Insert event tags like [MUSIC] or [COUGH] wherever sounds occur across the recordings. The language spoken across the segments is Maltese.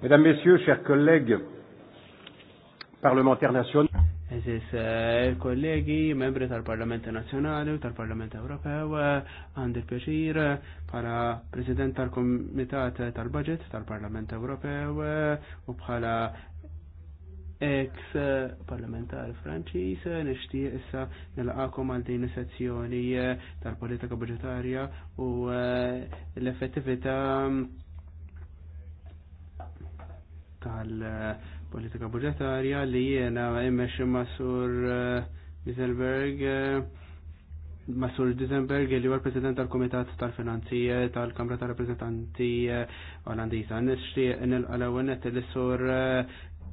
Mesdames, Messieurs, chers collègues parlementaires nationaux. Eżis, eh, kollegi, membri tal-Parlament Nazjonali u tal-Parlament Ewropew, eh, għandi l-pjaċir eh, bħala President tal-Komitat tal-Budget tal-Parlament Ewropew u bħala ex parlamentar Franċis nixtieq issa nil-għakom għal din sezzjoni tal-politika budgetarja u l-effettività tal-politika budgetarja li jiena imex Masur eh, Dizenberg, eh, Masur Dizenberg li huwa president tal-Kumitat tal-Finanzi eh, tal-Kamra tal Olandisa. Nisċti nil-għalawenet l-sur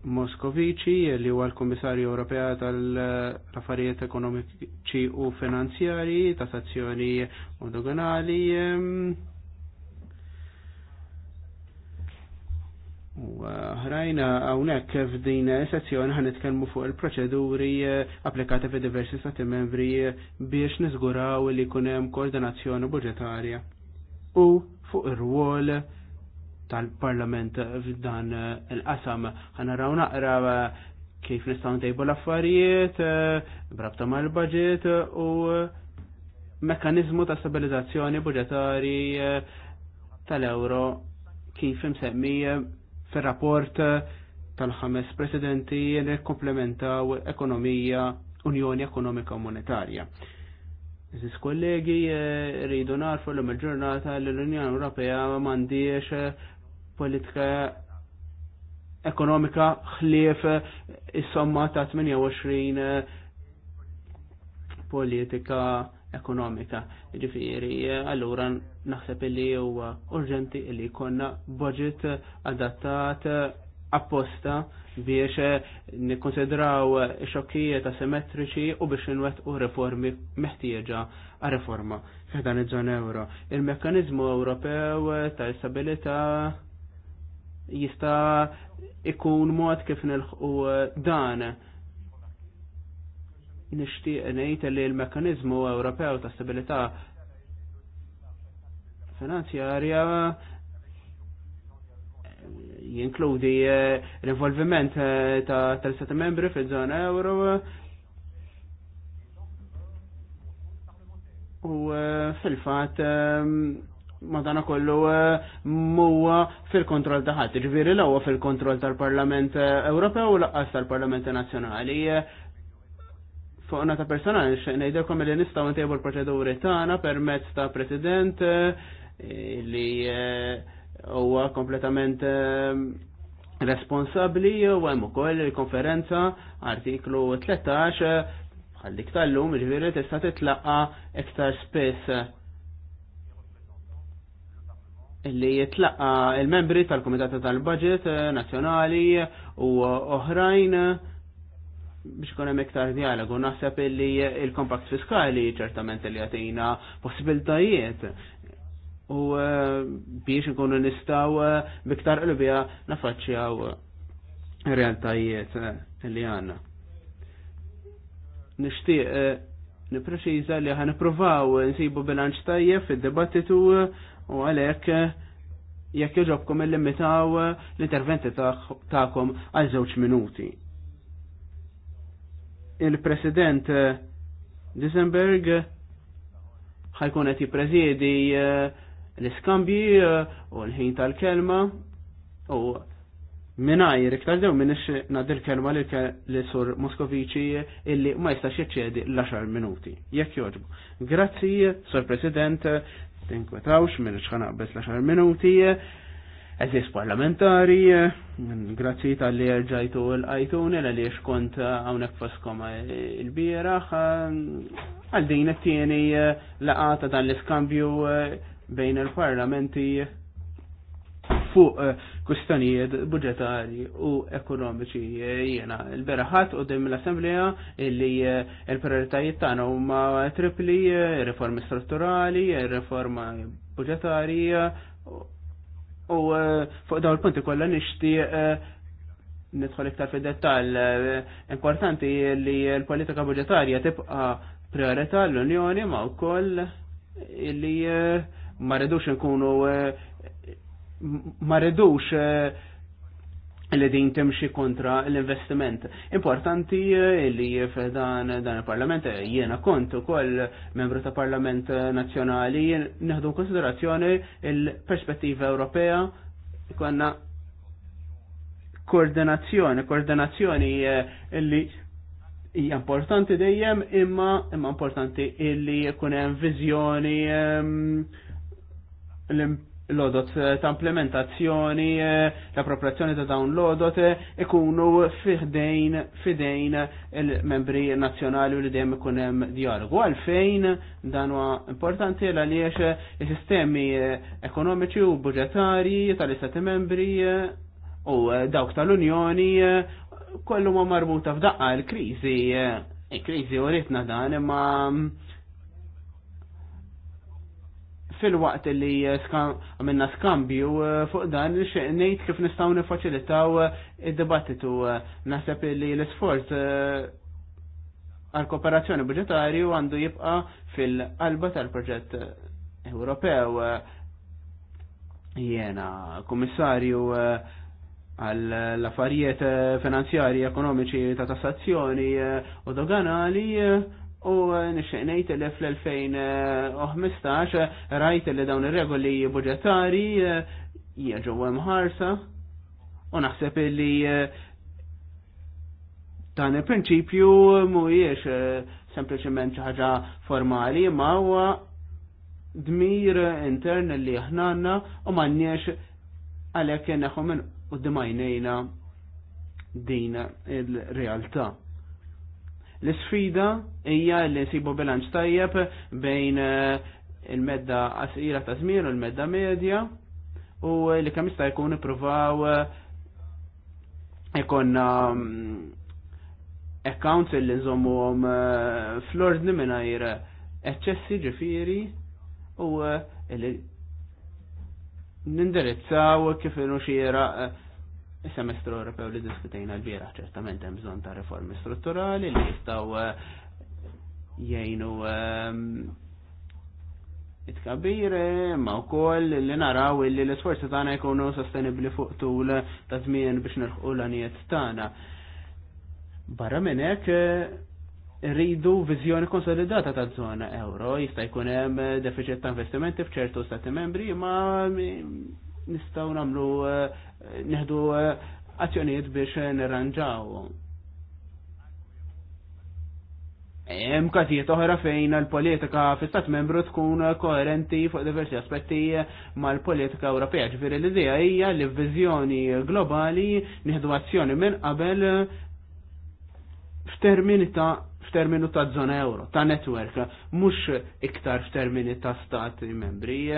Moskovici li huwa l-Kummissarju Ewropea tal-Affarijiet Ekonomiċi u Finanzjari, tassazzjoni u doganali U eh, ħrajna hawnhekk f'din sezzjoni ħan nitkellmu fuq il-proċeduri eh, applikati fi diversi stati membri eh, biex niżguraw li jkun hemm koordinazzjoni budġetarja. U fuq ir-rwol tal-Parlament f'dan il-qasam ħan naraw naqra kif nistgħu ntejbu l-affarijiet brabta mal-budget u mekkanizmu ta' stabilizzazzjoni budġetari tal-euro kif imsemmija fil-rapport eh, tal-ħames presidenti li komplementaw ekonomija Unjoni Ekonomika Monetarja. Iżis kollegi eh, rridu narfu l il-ġurnata li l-Unjoni Ewropea m'għandix eh, politika ekonomika ħlief is-somma ta' 28 politika ekonomika. Ġifiri, allura naħseb li huwa urġenti li jkollna budget adattat apposta biex nikkonsidraw xokkijiet asimetriċi u biex nwet u reformi meħtieġa a reforma f'dan iż-żona euro. Il-mekkanizmu Ewropew ta' stabilità jista' ikun mod kif nilħu dan nixtieq ngħid li l mekanizmu Ewropew ta' stabilità finanzjarja jinkludi l-involviment eh, eh, ta' tal-seta membri fil-żona euro u eh, fil-fat madana kollu muwa fil-kontroll ta' ħadd, ġviri l fil-kontroll tal-Parlament Ewropew u laqqas tal-Parlament Nazzjonali fuq nata personali xejnejderkom li nistgħu ntejbu l-proċeduri tagħna permezz ta' president eh, li eh, huwa kompletament eh, responsabbli u hemm ukoll il-konferenza artiklu 13 bħal dik tal-lum ġifieri tista' titlaqa iktar spess li jitlaqqa il-membri tal-Komitata tal-Budget Nazzjonali u oħrajn biex kun hemm iktar dialogu naħseb illi il-kompakt fiskali ċertament li għatina possibiltajiet u eh, biex nkunu nistaw eh, biktar qlubija nafaċċjaw realtajiet eh, li għanna. Nishtiq nipreċiza li ħan provaw nsibu bilanċ tajjeb fid-dibattitu u għalhekk jekk joġobkom illimitaw l-interventi tagħkom għal żewġ minuti il-President eh, Disenberg ħajkun qed jippreżiedi eh, l-iskambji eh, u l-ħin tal-kelma u minaj iktar dew minix nadil kelma li sur Moskovici illi ma jistax jiċċedi l-10 minuti. Jekk joġbu. Grazzi, sur President, tinkwetawx minn xħanaqbes l-10 minuti eżis parlamentari, grazzi tal-li rġajtu l ajtuni l-għaliex kont għawnek faskom il-bieraħ, għal din it-tieni laqata dan l-iskambju bejn il-parlamenti fuq kustanijiet budġetari u ekonomiċi jena il-beraħat u dim l-Assemblea illi il-prioritajiet tagħna huma tripli, riformi strutturali, riforma budġetarija U eh, fuq dawn il-punti kollha nixti eh, nidħol iktar fid dettall eh, Importanti li l-politika budġetarja tibqa' priorità l-Unjoni ma wkoll li ma rridux nkunu ma rridux li din timxi kontra l-investiment. Importanti eh, li f'dan dan il-parlament eh, jiena kont ukoll membru ta' parlament nazzjonali neħdu konsiderazzjoni il-perspettiva Ewropea konna koordinazzjoni, koordinazzjoni eh, li hija importanti dejjem imma imma importanti illi jkun hemm viżjoni ehm, l l-odot eh, ta' implementazzjoni, eh, l-appropriazzjoni ta' dawn l-odot eh, ikunu fidejn fidejn il-membri nazjonali u li dejjem ikun hemm dialogu. Għalfejn dan huwa importanti l għaliex is-sistemi ekonomiċi u budgetari tal-istati membri u dawk tal-Unjoni kollu ma marbuta f'daqqa l-kriżi. Il-kriżi uritna dan imma fil-waqt li eh, għamilna skambju eh, fuq dan nejt kif nistaw nifacilitaw eh, id-dibattitu. Naħseb li l-sforz għal-kooperazzjoni budgetarju għandu jibqa fil-qalba tal-proġett Ewropew. Jena, komissarju għall-affarijiet finanzjari, ekonomiċi ta' tassazzjoni u doganali U eh, nixxenejt li fl-2015 eh, rajt li dawn ir-regoli budgetari eh, jieġu mħarsa u naħseb li dan il-prinċipju mhuwiex sempliċement xi ħaġa formali imma huwa dmir intern li ħnanna u m'għandniex għalhekk neħu minn quddiem din il-realtà. L-sfida hija li sibu bilanċ tajjeb bejn eh, il-medda qasira ta' żmien u l-medda medja u li kemm jista' jkun ippruvaw eh, ikonna mm, accounts li nżommuhom eh, fl-ordni mingħajr eċċessi ġifieri u nindirizzaw kif inhu xiera semestru Ewropew li diskutejna l-bieraħ ċertament hemm bżonn ta' reformi strutturali li jistgħu eh, jgħinu ehm, it-kabir ma wkoll li naraw li l-isforzi tagħna jkunu sostenibbli fuq tul ta' żmien biex nilħqu l-anijiet tagħna. Barra minn hekk eh, rridu viżjoni konsolidata ta' żona euro, jista' jkun hemm eh, deficit ta' investimenti f'ċertu stati membri, ma nistgħu nagħmlu neħdu eh, azzjonijiet biex nirranġaw. Hemm każijiet oħra fejn il-politika fl-Istat membru tkun koerenti fuq diversi aspetti mal-politika Ewropea. Ġifieri l-idea hija li viżjoni globali nieħdu azzjoni minn qabel f'termini ta' f'terminu ta' zona euro, ta' network, mhux iktar f'termini ta' stati membri.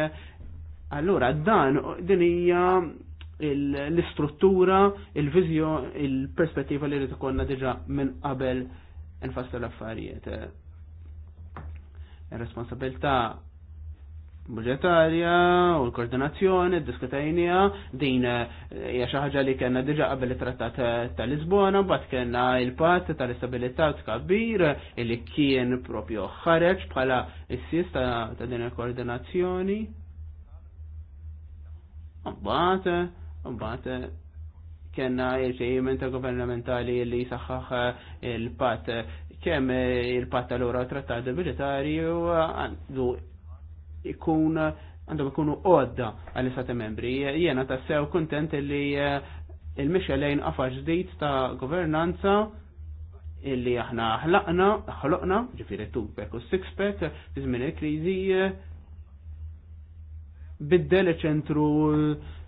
Allura dan din hija l-istruttura, il-vizjo, il-perspettiva li rrid ikonna diġa minn qabel nfasslu l-affarijiet. Ir-responsabilità budgetarja u l-koordinazzjoni, diskutajnija, din eh, hija xi ħaġa li kellna diġà qabel it-Trattat tal Lisbona, mbagħad kellna il-patt tal-istabilità tkabbir li kien propju ħareġ bħala s-sis ta' din il-koordinazzjoni. Mbagħad Mbagħad eh, kena ġejjiment governamentali li saħħaħ eh, il-pat eh, kemm il-pat tal-ura trattat militari għandu ikun għandhom ikunu għodda għal istati membri. Jena tassew kontent li il-mixelejn għafar ġdijt ta' governanza illi aħna ħlaqna, ħloqna, ġifiri tubek u sixpack, fizmin il-krizi, biddel ċentru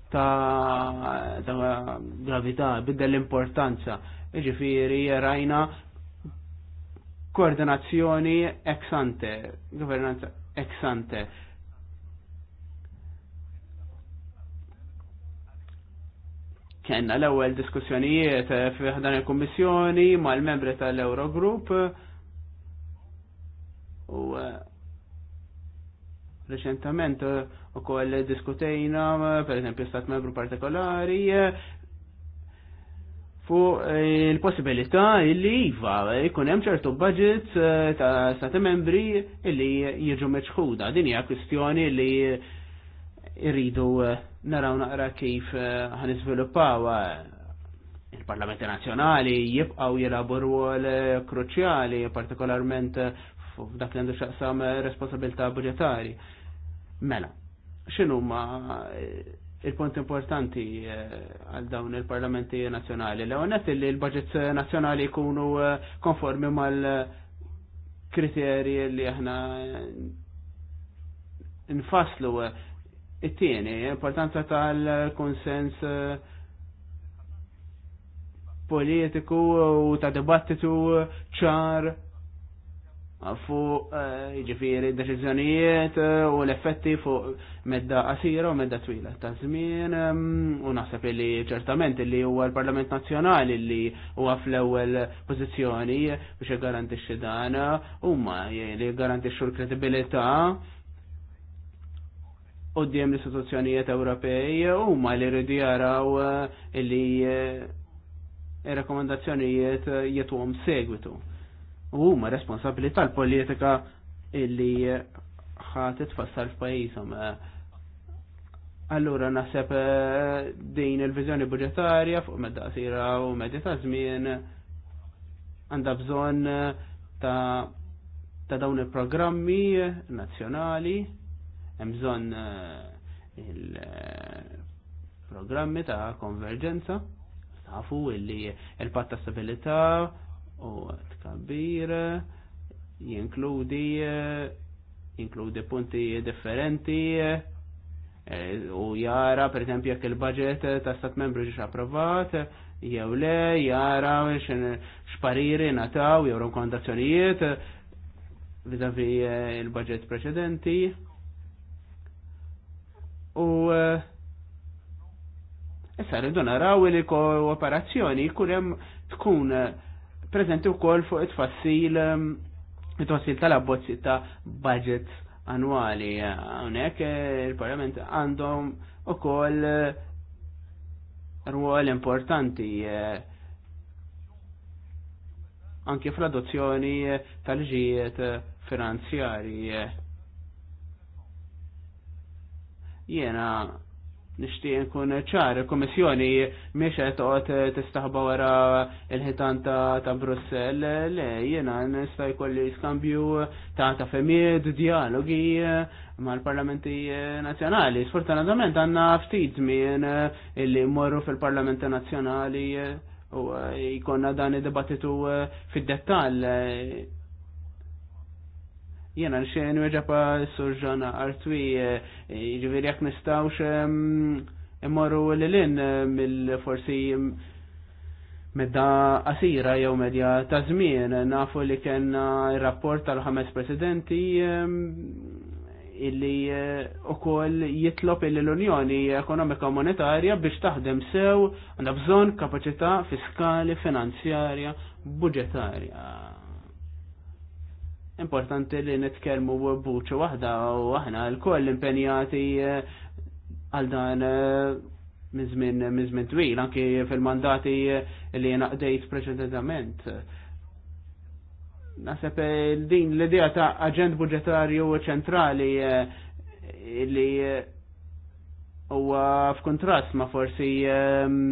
ta', ta gravità, bidda l-importanza. Ġifiri, rajna koordinazzjoni ex ante, governanza ex ante. Kenna l-ewwel diskussjonijiet fiħdan il-Kummissjoni mal-membri tal-Eurogroup u Reċentament eh, u koll diskutejna, eh, per esempio, stat membru partikolari, eh, fu il-possibilità illi jiva ikun hemm ċertu budget ta' stati membri illi jiġu meċħuda. Din hija kwistjoni li irridu naraw naqra kif ħaniżviluppaw il-Parlamenti Nazzjonali jibqgħu jilabu rwol kruċjali partikolarment f'dak li għandu xaqsam responsabilità budgetari. Mela, xinu ma eh, il-punt importanti eh, għal dawn il-parlamenti nazjonali. l għonet li l-budget nazjonali jkunu eh, konformi mal-kriteri li aħna nfaslu it-tieni, importanza tal-konsens politiku u ta' dibattitu ċar fuq eh, ġifiri deċizjonijiet eh, u l-effetti fuq medda qasira u medda twila ta' żmien ehm, u naħseb li ċertament li huwa l-Parlament Nazzjonali li huwa fl-ewwel pożizzjoni biex jgarantixxi dan huma li jgarantixxu l-kredibilità qudiem l-istituzzjonijiet Ewropej huma li rridu jaraw eh, li ir-rekomandazzjonijiet jitwhom segwitu u huma responsabbli tal-politika illi ħat tfassal f'pajjiżhom. Allura naħseb eh, din il-viżjoni budgetarja fuq medda u medda ta' żmien għandha bżonn eh, ta' ta' dawn il-programmi nazzjonali, hemm bżonn eh, il-programmi ta' konverġenza, tafu illi il-patta stabilità u kbir jinkludi jinkludi punti differenti eh, u jara per esempio jekk il-budget ta' stat membru ġiex approvat jew le jara x'pariri nataw jew rekomendazzjonijiet vizavi eh, il-budget preċedenti u eh, Issa rridu naraw li kooperazzjoni jkun hemm tkun prezenti wkoll fuq it-tfassil ehm, it-tfassil tal-abbozzi ta' budget annwali hawnhekk eh, il-Parlament għandhom ukoll eh, rwol importanti eh, anke fl-adozzjoni tal-ġijiet finanzjarji. Jena nishtiq nkun ċar, il-Komissjoni miex qed toqgħod tistaħba wara il-ħitan ta' Brussell, le jiena nista' jkolli skambju ta' ta' femijiet, dialogi mal-parlamenti nazzjonali. Sfortunatament għandna ftit żmien illi mmorru fil-parlamenti nazzjonali u jkollna dan id-dibattitu fid-dettall Jena nxen s surġana artwi, eh, ġiviri jak nistawx ehm, immorru l-lin eh, mill-forsi mm, medda qasira jew medja ta' żmien nafu li kena rapport tal-ħames presidenti ehm, illi eh, u koll jitlop illi l-Unjoni Ekonomika Monetarja biex taħdem sew għandha bżonn kapaċità fiskali, finanzjarja, budgetarja importanti li nitkellmu buċu waħda u aħna l-koll impenjati eh, għal dan mizmin eh, twil anki fil-mandati li naqdejt preċedentament. Nasab eh, din l-idea ta' aġent budgetarju ċentrali li huwa f'kontrast ma' forsi ehm,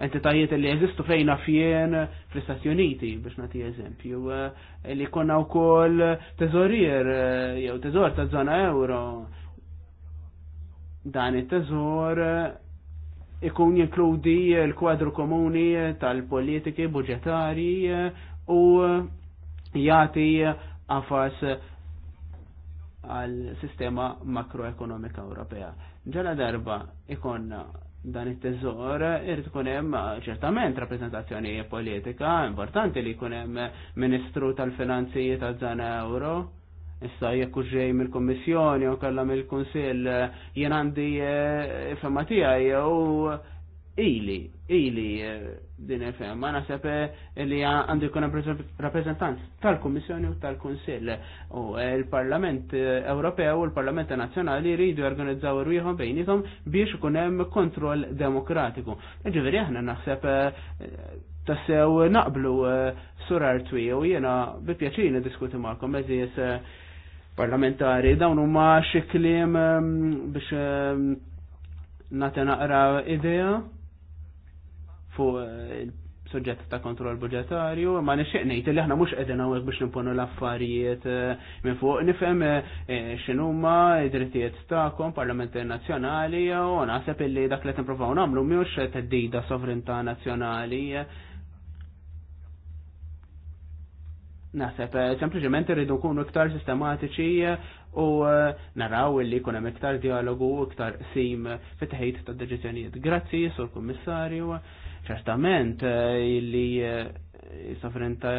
entitajiet li jeżistu fejna fjen fl-Istati Uniti, biex nagħti eżempju, eh, li konna wkoll teżorier eh, jew teżor ta' żona euro. Dan it-teżor eh, ikun jinkludi l-kwadru komuni tal-politiki budgetari u jagħti għafas għal sistema makroekonomika Ewropea. Ġala darba ikonna dan it-teżor irid ikun hemm eh, ċertament rappreżentazzjoni politika importanti li jkun hemm eh, Ministru tal-Finanzi ta' Zana Ewro. Issa jekk ġej mill-Kummissjoni u kellha mill-Kunsill eh, jien għandi fema tiegħi jew ili, ili eh, din il-fem, ma nasab li għandu jkun rappresentanz tal-Kommissjoni u tal-Konsil u eh, il-Parlament eh, Ewropew u l-Parlament Nazzjonali jridu jorganizzaw irwieħhom bejnietom biex ikun hemm kontroll demokratiku. Ġifieri aħna naħseb tassew naqblu surar twi u jiena bi pjaċini diskuti magħkom eżis parlamentari dawn huma xi kliem biex nagħti naqra idea fuq eh, il-soġġett ta' kontroll budgetarju, ma nixtieq ngħid li aħna mhux qegħdin hawnhekk biex nimponu l-affarijiet eh, minn fuq nifhem eh, x'inhuma id-drittijiet tagħkom Parlamenti Nazzjonali u naħseb illi dak li timpruvaw nagħmlu mhux teddida sovrinta nazzjonali. Naħseb, sempliciment irridu nkunu iktar sistematiċi u naraw li kun hemm iktar dialogu, iktar sim fit-tħejt ta' deċiżjonijiet. Grazzi, Sur Kummissarju ċertament eh, illi eh, sofrenta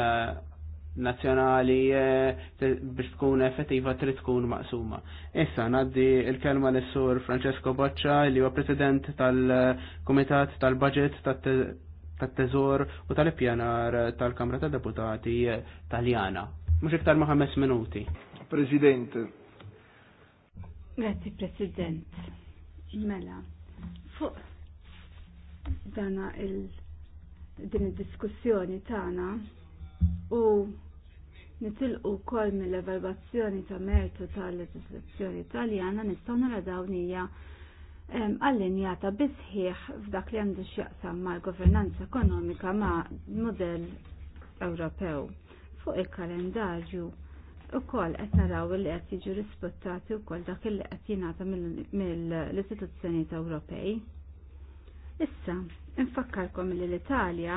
nazjonali eh, biex tkun effettiva trid tkun maqsuma. Issa ngħaddi il-kelma lis sur Francesco Boccia li huwa President tal-Kumitat tal-Budget tat-Teżor u tal-Ippjanar tal-Kamra tad deputati Taljana. Mhux iktar ma' ħames minuti. President. Grazie President. Mela. Fuq dana il din id-diskussjoni tagħna u nitilqu kol mill-evalwazzjoni ta' mertu tal-leġislazzjoni Taljana nistgħu nara dawnija allinjata bisħieħ f'dak li għandu x'jaqsam mal-governanza ekonomika ma' model Ewropew. Fuq il-kalendarju kol qed naraw li qed jiġu rispettati wkoll dak li qed jingħata mill-istituzzjonijiet Ewropej. Issa, infakkarkom li l-Italja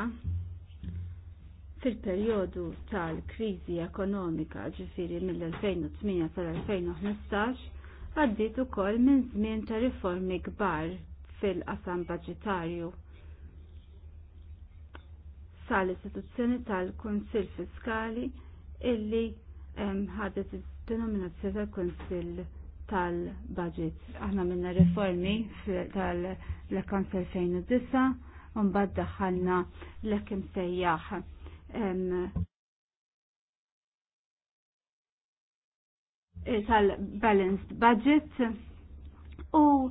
fil-periodu tal-krizi ekonomika ġifiri mill-2008 tal-2015 għaddit ukoll minn żmien ta' riformi kbar fil-qasam budġetarju sal-istituzzjoni tal-Kunsill Fiskali illi ehm, ħadet id-denominazzjoni tal-Kunsill tal-budget. Aħna minna reformi tal-lekkan 2009 un bad daħalna l-ekim sejjaħ eh, tal-balanced budget u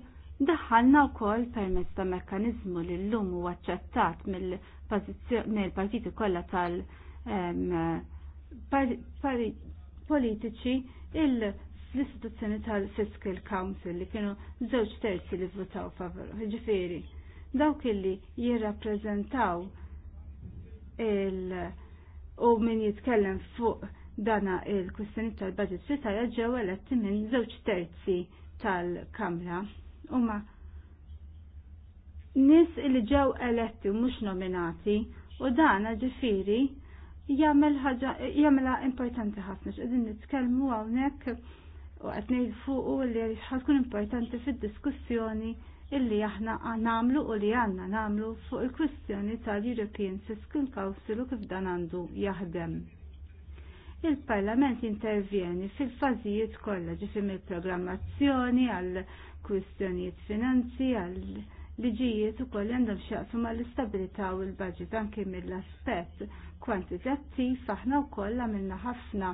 daħalna u koll permess ta' mekkanizmu li l-lum u għacċettat mill-partiti kolla tal-politiċi eh, il- l-istituzzjoni tal-Fiscal Council li kienu żewġ terzi li votaw favor. Ġifiri, dawk illi jirrappreżentaw il- u min jitkellem fuq dana il-kwistjoni tal-budget fitarja ġew eletti minn żewġ terzi tal-Kamra. Huma nis li ġew eletti u mhux nominati u dana ġifiri jagħmel ħaġa importanti ħafna x'qegħdin nitkellmu hawnhekk u għatnej fuqu li ħatkun importanti fid diskussjoni illi aħna namlu u li għanna namlu fuq il-kwistjoni tal-European Fiscal Council u kif dan għandu jaħdem. Il-Parlament intervjeni fil-fazijiet kollha ġifim il-programmazzjoni għal kwistjonijiet finanzi għal liġijiet u koll għandhom xaqsu ma l-istabilita u l-budget anki mill-aspet kwantitattiv aħna u koll għamilna ħafna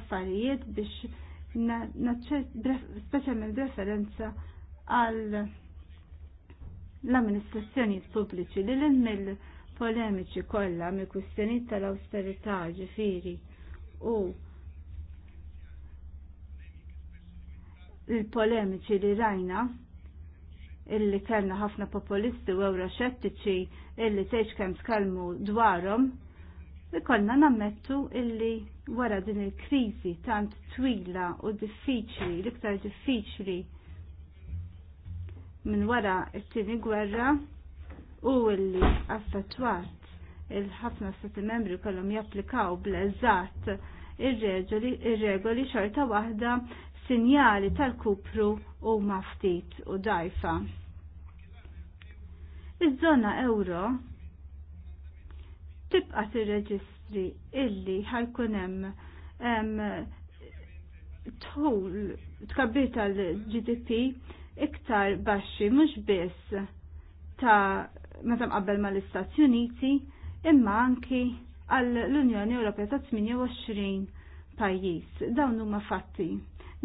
affarijiet biex specialment referenza għal l-amministrazzjoni pubbliċi li l emmel polemiċi kollha mill kwistjoni tal-austerità ġifiri u l polemiċi li rajna illi kellna ħafna populisti u xettiċi illi kem kemm dwarom dwarhom, ikollna nammettu illi wara din il-krizi tant twila u diffiċli, l-iktar diffiċli minn wara t tieni gwerra u li affettwat il-ħafna stati membri kollhom japplikaw bl-eżatt ir-regoli xorta waħda sinjali tal-kupru u maftit u dajfa. Iż-żona euro tibqa tirreġistra li illi ħajkun hemm tħul tkabbir tal-GDP iktar baxxi mhux biss ta' meta mqabbel mal-Istati Uniti imma anki għall-Unjoni Ewropea ta' 28 pajjiż. Dawn huma fatti.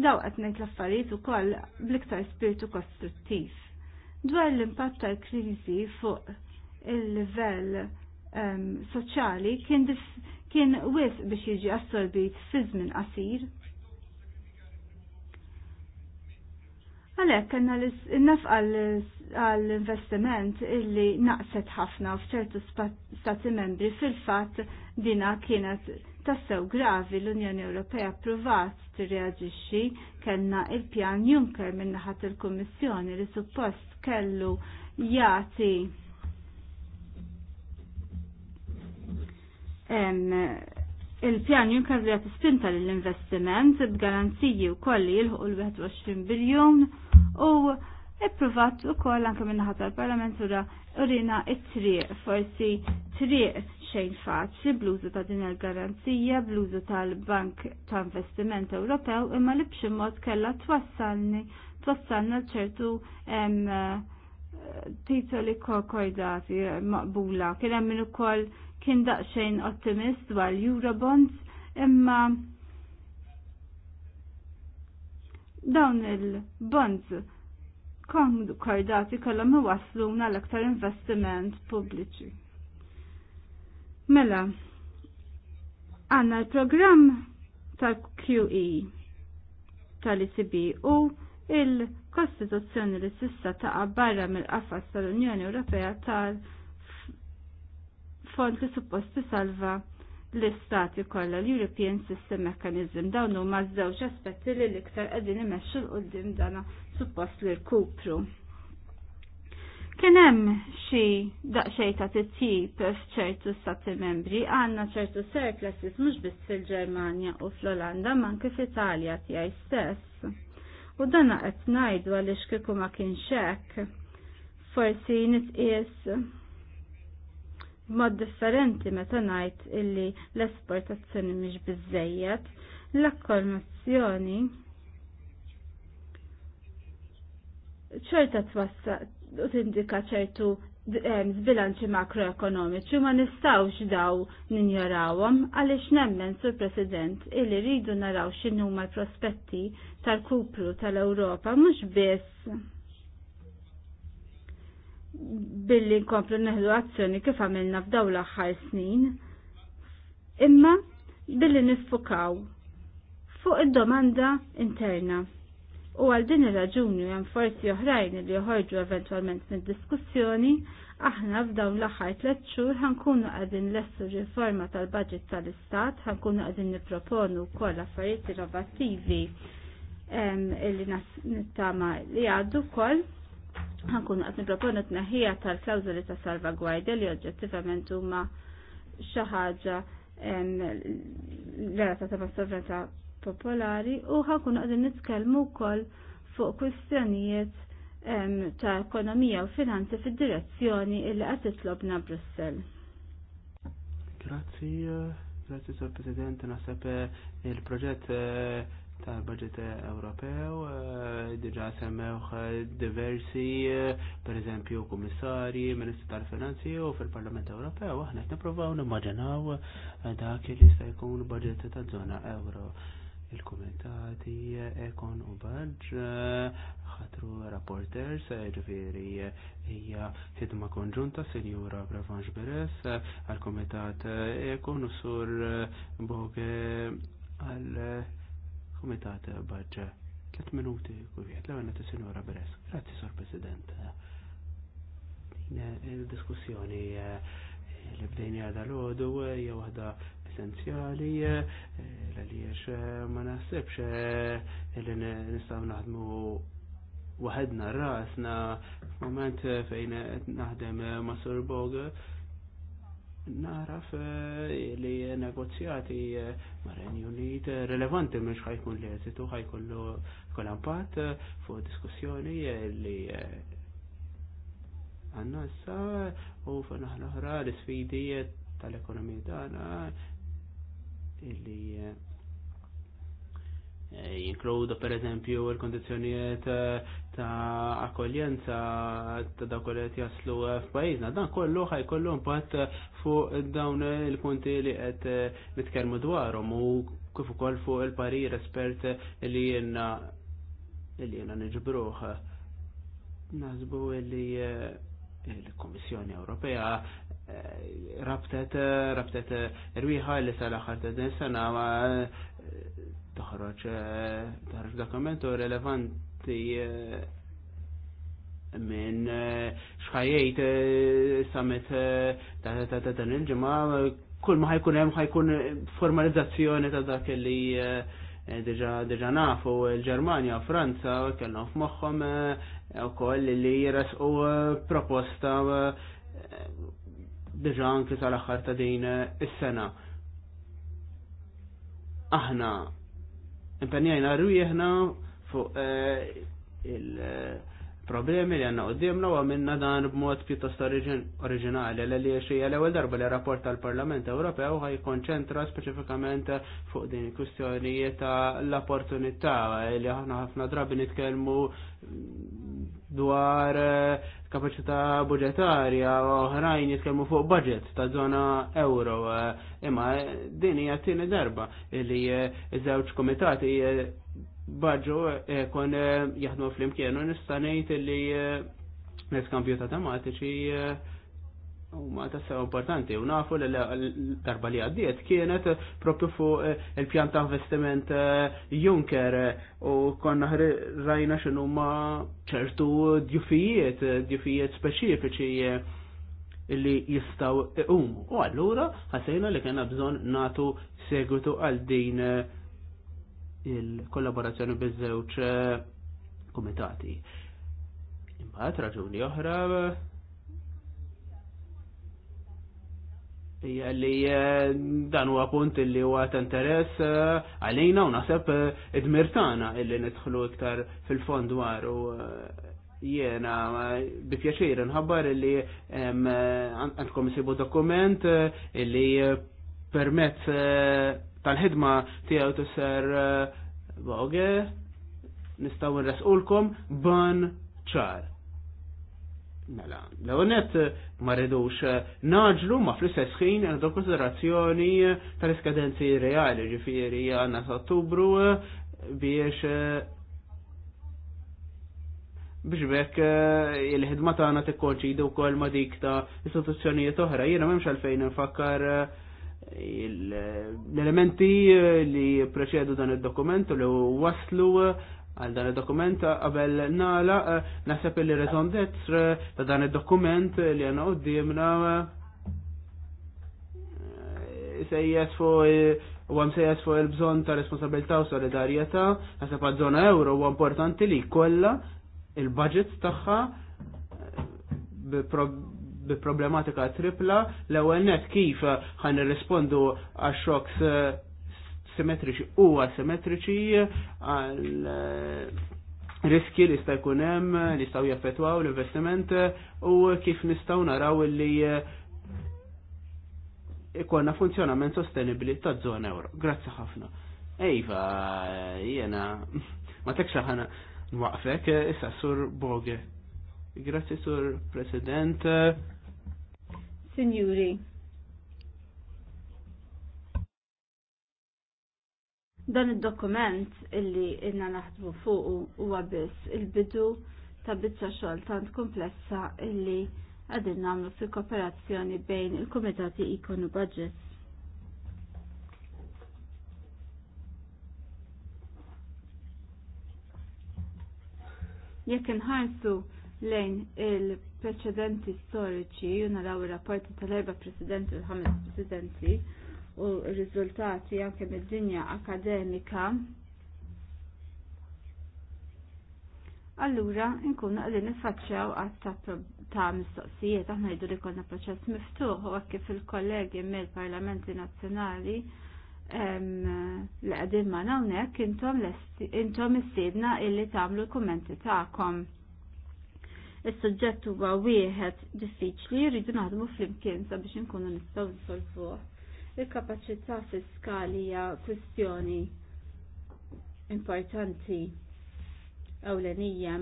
Daw qed ngħid l-affarijiet ukoll bl-iktar spiritu kostruttiv. Dwar l-impatt tal-kriżi fuq il-livell soċjali kien kien wis biex jiġi assorbit fi żmien qasir. Għalhekk l-naf għall-investiment illi naqset ħafna u f'ċertu stati membri fil-fatt dina kienet tassew gravi l-Unjoni Ewropea provat tirreaġixxi kellna il-pjan Juncker minnaħat il-Kummissjoni li suppost kellu jagħti il-pjan Juncker li għat spinta l-investiment b'garanziji u kolli jilħuq l-21 biljon u Ipprovat u koll anka ħata tal-parlament ura urina it-triq, forsi triq xejn faċli bluzu ta' din il-garanzija, bluzu tal-Bank ta' Investiment Ewropew, imma li b'xi mod kella twassalni, twassalna ċertu titoli koordati maqbula. Kien hemm ukoll kien daqsxejn ottimist dwar Eurobonds imma dawn il-bonds konkordati kollom iwassluna l-aktar investiment pubbliċi. Mela, għanna l-programm tal-QE tal-ECB u il-Kostituzzjoni li sissa taqa barra mill-qafas tal-Unjoni Ewropea tal-2020 fond li suppost salva l-istati kollha l-European System Mechanism dawn huma żewġ aspetti li l-iktar qegħdin imexxu l qudiem dana suppost li rkupru. Kien hemm xi daqsxejn ta' titjib f'ċertu stati membri għandna ċertu surpluses mhux biss fil-Ġermanja u fl-Olanda ma anke fl-Italja tiegħi stess. U dana qed ngħidu għaliex kieku ma kienx hekk forsi nitqies mod differenti meta ngħid illi l-esportazzjoni mhix biżejjed, l akkormazzjoni ċerta twassa u tindika ċertu eh, zbilanċi makroekonomiċi ma nistawx daw ninjorawhom għaliex nemmen sur President illi ridu naraw x'inhuma l-prospetti tal-kupru tal-Ewropa mhux biss billi nkomplu neħdu azzjoni kif għamilna f'daw l-aħħar snin, imma billi nifukaw fuq id-domanda interna. U għal din ir-raġuni hemm forsi oħrajn li joħorġu eventwalment minn diskussjoni aħna f'dawn l-aħħar tlet xhur ħankunu qegħdin lessu riforma tal budget tal-Istat, ħankunu għadin nipproponu wkoll affarijiet innovattivi li nittama li għaddu wkoll ħankun għat niproponu t-naħija tal-klawzoli ta' salvagwardja li oġġettivament huma xi ħaġa ta ma' sovranità popolari u ħankun għadin nitkellmu wkoll fuq kwistjonijiet ta' ekonomija u finanzi fid-direzzjoni illi qed titlobna Brussell. Grazzi, eh, grazie, Sor President, naħseb eh, il-proġett eh, tal-budget Ewropew, eh, diġa semmewħ eh, diversi, eh, per eżempju, komissari, ministru tal-finanzi u fil-Parlament Ewropew, aħna niprofaw nimmaġinaw dak li sta' jkun budget ta' zona euro. Il-komitati ekon u badġ ħatru rapporters, ġifiri hija ħidma konġunta senjura Bravanġ Beres għal-komitat ekon u sur boge għal u meta Barġa. Tlet minuti u kuviet, l-għanna t-sinjora Beres. Grazzi, Sor President. Il-diskussjoni eh, li bdejni għada l-ħodu hija waħda essenzjali eh, għaliex eh, ma naħsibx li nistgħu naħdmu waħedna rasna moment fejn qed naħdem ma' Sir Boga Naraf eh, li negozjati eh, mar-Renju Unit eh, relevanti mhux ħajkun li eżitu ħajkollu lu kolampat fuq diskussjoni li għanna issa u fuq naħla oħra l-isfidi tal-ekonomija tagħna illi jinkludu per eżempju l-kondizjonijiet ta' akkoljenza ta' da' li qed jaslu f'pajizna. dan kollu kollu impatt fuq dawn il-punti li qed nitkermu dwarhom u kif ukoll fuq il-parir espert li jenna li jenna niġbruh. Nasbu li eh, il komissjoni Ewropea eh, rabtet rabtet rwieħa li sal-aħħar ta' din sena eh, toħroġ dokumentu relevant parti eh, minn eh, xħajajt eh, samet ta' dan il-ġemma, kull ma ħajkun hemm ħajkun formalizzazzjoni ta' dak li deġa nafu l-Ġermanja, Franza, kellhom u ukoll li jirasqu proposta deġa anki tal-aħħar ta' din is-sena. Aħna impenjajna rwieħna fuq eh, il-problemi li għanna għoddimna u għamilna dan b'mod pjuttost oriġinali l li xie l-ewel darba li rapport tal-Parlament Ewropew għaj konċentra specifikament fuq din kustjonijiet ta' l-opportunità eh, li għahna ħafna drabi nitkellmu dwar eh, kapacità budgetarja u oħrajn jitkellmu fuq budget ta' zona euro imma din hija tieni darba li ż-żewġ komitati Baġu eh, kon eh, jaħdmu fl imkienu nistanejt eh, li l ta' tematiċi u ma ta' sew importanti, u nafu li l-darba li għaddiet kienet propju fuq il-pjan ta' investiment Juncker u konna rajna xinu ma ċertu djufijiet, djufijiet speċifiċi li jistaw um. U għallura għasajna li kena bżon natu segwitu għal din il-kollaborazzjoni biż-żewġ eh, komitati. Imbagħad raġuni oħra hija li eh, dan huwa punt li huwa interess eh, għalina u naħseb id-dmir illi nidħlu iktar fil-fond dwar u jiena bi nħabbar illi għandkom isibu dokument illi permezz tal-ħidma tiegħu tisser boge eh, nistgħu nresqulkom ban ċar. Mela, l-għonet eh, ma eh, naġlu ma fl-istess ħin għandu konsiderazzjoni tal-iskadenzi reali ġifieri għandna ottubru biex biex bekk il-ħidma tagħna tikkonċidu wkoll ma dik ta' istituzzjonijiet oħra. Jiena m'hemmx għalfejn nfakkar uh, l-elementi eh, li preċedu dan il-dokument li waslu eh, għal dan il-dokument għabel eh, nala nasab li raison ta' dan il-dokument li għana għoddimna sejjes fuq u għam sejjas fuq il-bżon ta' responsabilta' u solidarieta, nasab għad-zona euro u importanti li kolla il-budget taħħa bi problematika tripla, l-ewwel net kif ħan rispondu għax xoks eh, simmetriċi u asimmetriċi għal eh, riski li sta' jkun hemm li staw jaffetwaw l-investiment eh, u kif nistgħu naraw li ikonna funzjonament sostenibli ta' zona euro. Grazzi ħafna. Ejva, jena, [LAUGHS] ma tekxa ħana nwaqfek, issa sur boge. Grazzi sur president. Signori. Dan id-dokument illi inna naħdmu fuqu huwa biss il-bidu ta' bitċa xogħol tant komplessa illi għadin namlu fil kooperazzjoni bejn il-Kumitati Ikonu Budget. Jekk inħarsu lejn il-preċedenti storiċi u naraw ir-rapporti tal-erba' presidenti u l-ħames presidenti u r-riżultati anke mid-dinja akademika Allura, nkunu għalli nifacċaw għatta ta' mistoqsijiet, aħna jiddu li konna proċess miftuħ u għakke fil-kollegi mill-Parlamenti Nazzjonali li għadin ma' nawnek, intom istidna illi tamlu l-kommenti ta'kom. Is-suġġett huwa wieħed diffiċli jridu naħdmu flimkien sabiex inkunu nistgħu nsolvuh. Il-kapaċità fiskali hija kwistjoni importanti ewlenija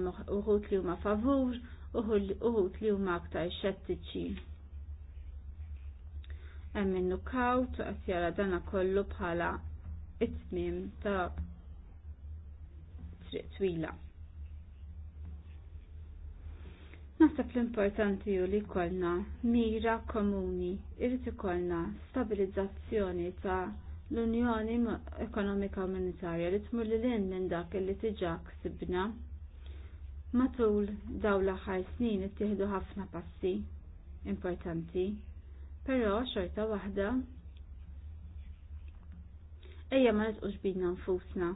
uħut li huma favur uħut li huma aktar xettiċi. Hemm in-nukawt qed jara dana kollu bħala it-tmiem ta' triq twila. Naħseb l-importanti ju li kolna mira komuni, irrit ikollna stabilizzazzjoni ta' l-Unjoni Ekonomika Monetarja li tmur li lin minn dak li tiġa ksibna. Matul dawla l-aħħar snin ittieħdu ħafna passi importanti, però xorta waħda ejja ma nitqux bidna nfusna.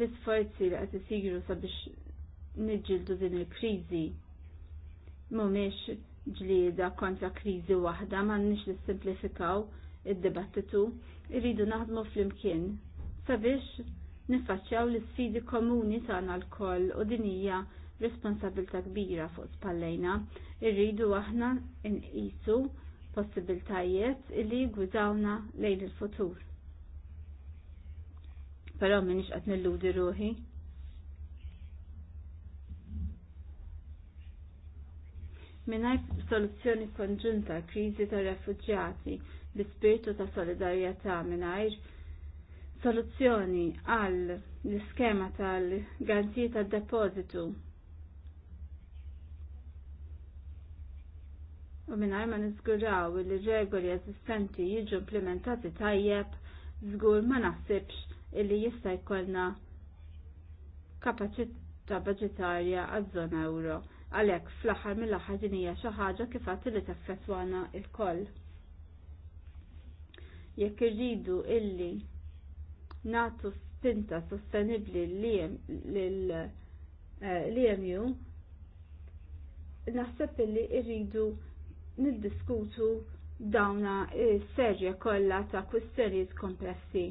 l-isforzi li qed isiru sabiex niġġieldu din il-kriżi mhumiex ġlieda kontra kriżi waħda m'għandniex nissimplifikaw id-dibattitu, irridu naħdmu flimkien sabiex nifacċaw l-isfidi komuni tagħna l-koll u din hija responsabilta kbira fuq spallejna, irridu aħna nqisu possibiltajiet li jgwidawna lejn il-futur però minix qed nilludi ruħi. Mingħajr soluzzjoni konġunta kriżi tar refugjati bi spiritu ta' solidarjetà mingħajr soluzzjoni għal l-iskema tal-garanzija tad-depożitu u minnaj ma nizguraw li regoli eżistenti jiġu implementati tajjeb, zgur ma naħsibx illi jista' jkollna kapaċità budgetarja għaż-żona euro. Għalhekk fl-aħħar mill-aħħar din hija xi ħaġa kif li taffetwana il koll Jekk irridu illi natu spinta sostenibbli l-EMU, eh, naħseb illi irridu niddiskutu dawna serja kollha ta' kwistjonijiet komplessi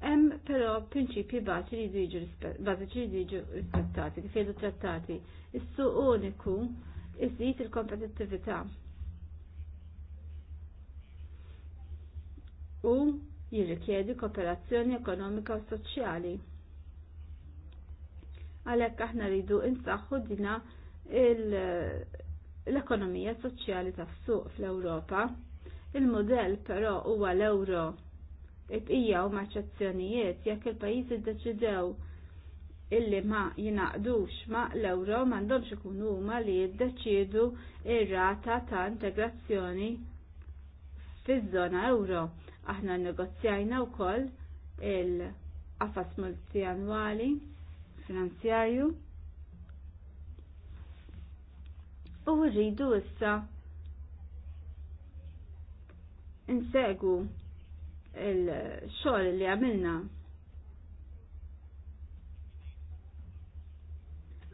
Hemm però prinċipji bażi li jiġu bażiċi li jiġu rispettati, kif jgħidu trattati. Is-suq uniku iżid il-kompetittività. U jirrikjedi kooperazzjoni ekonomika u soċjali. Għalhekk aħna rridu nsaħħu dina l-ekonomija soċjali tas-suq fl-Ewropa. Il-modell però huwa l-euro it-ija u jekk il-pajjiż ddeċidew illi ma jinaqdux ma l-euro m'għandhomx ikunu huma li jiddeċiedu ir-rata ta' integrazzjoni fiż-żona euro. Aħna nnegozjajna wkoll il-qafas multianwali finanzjarju u rridu issa insegu il-xogħol li għamilna.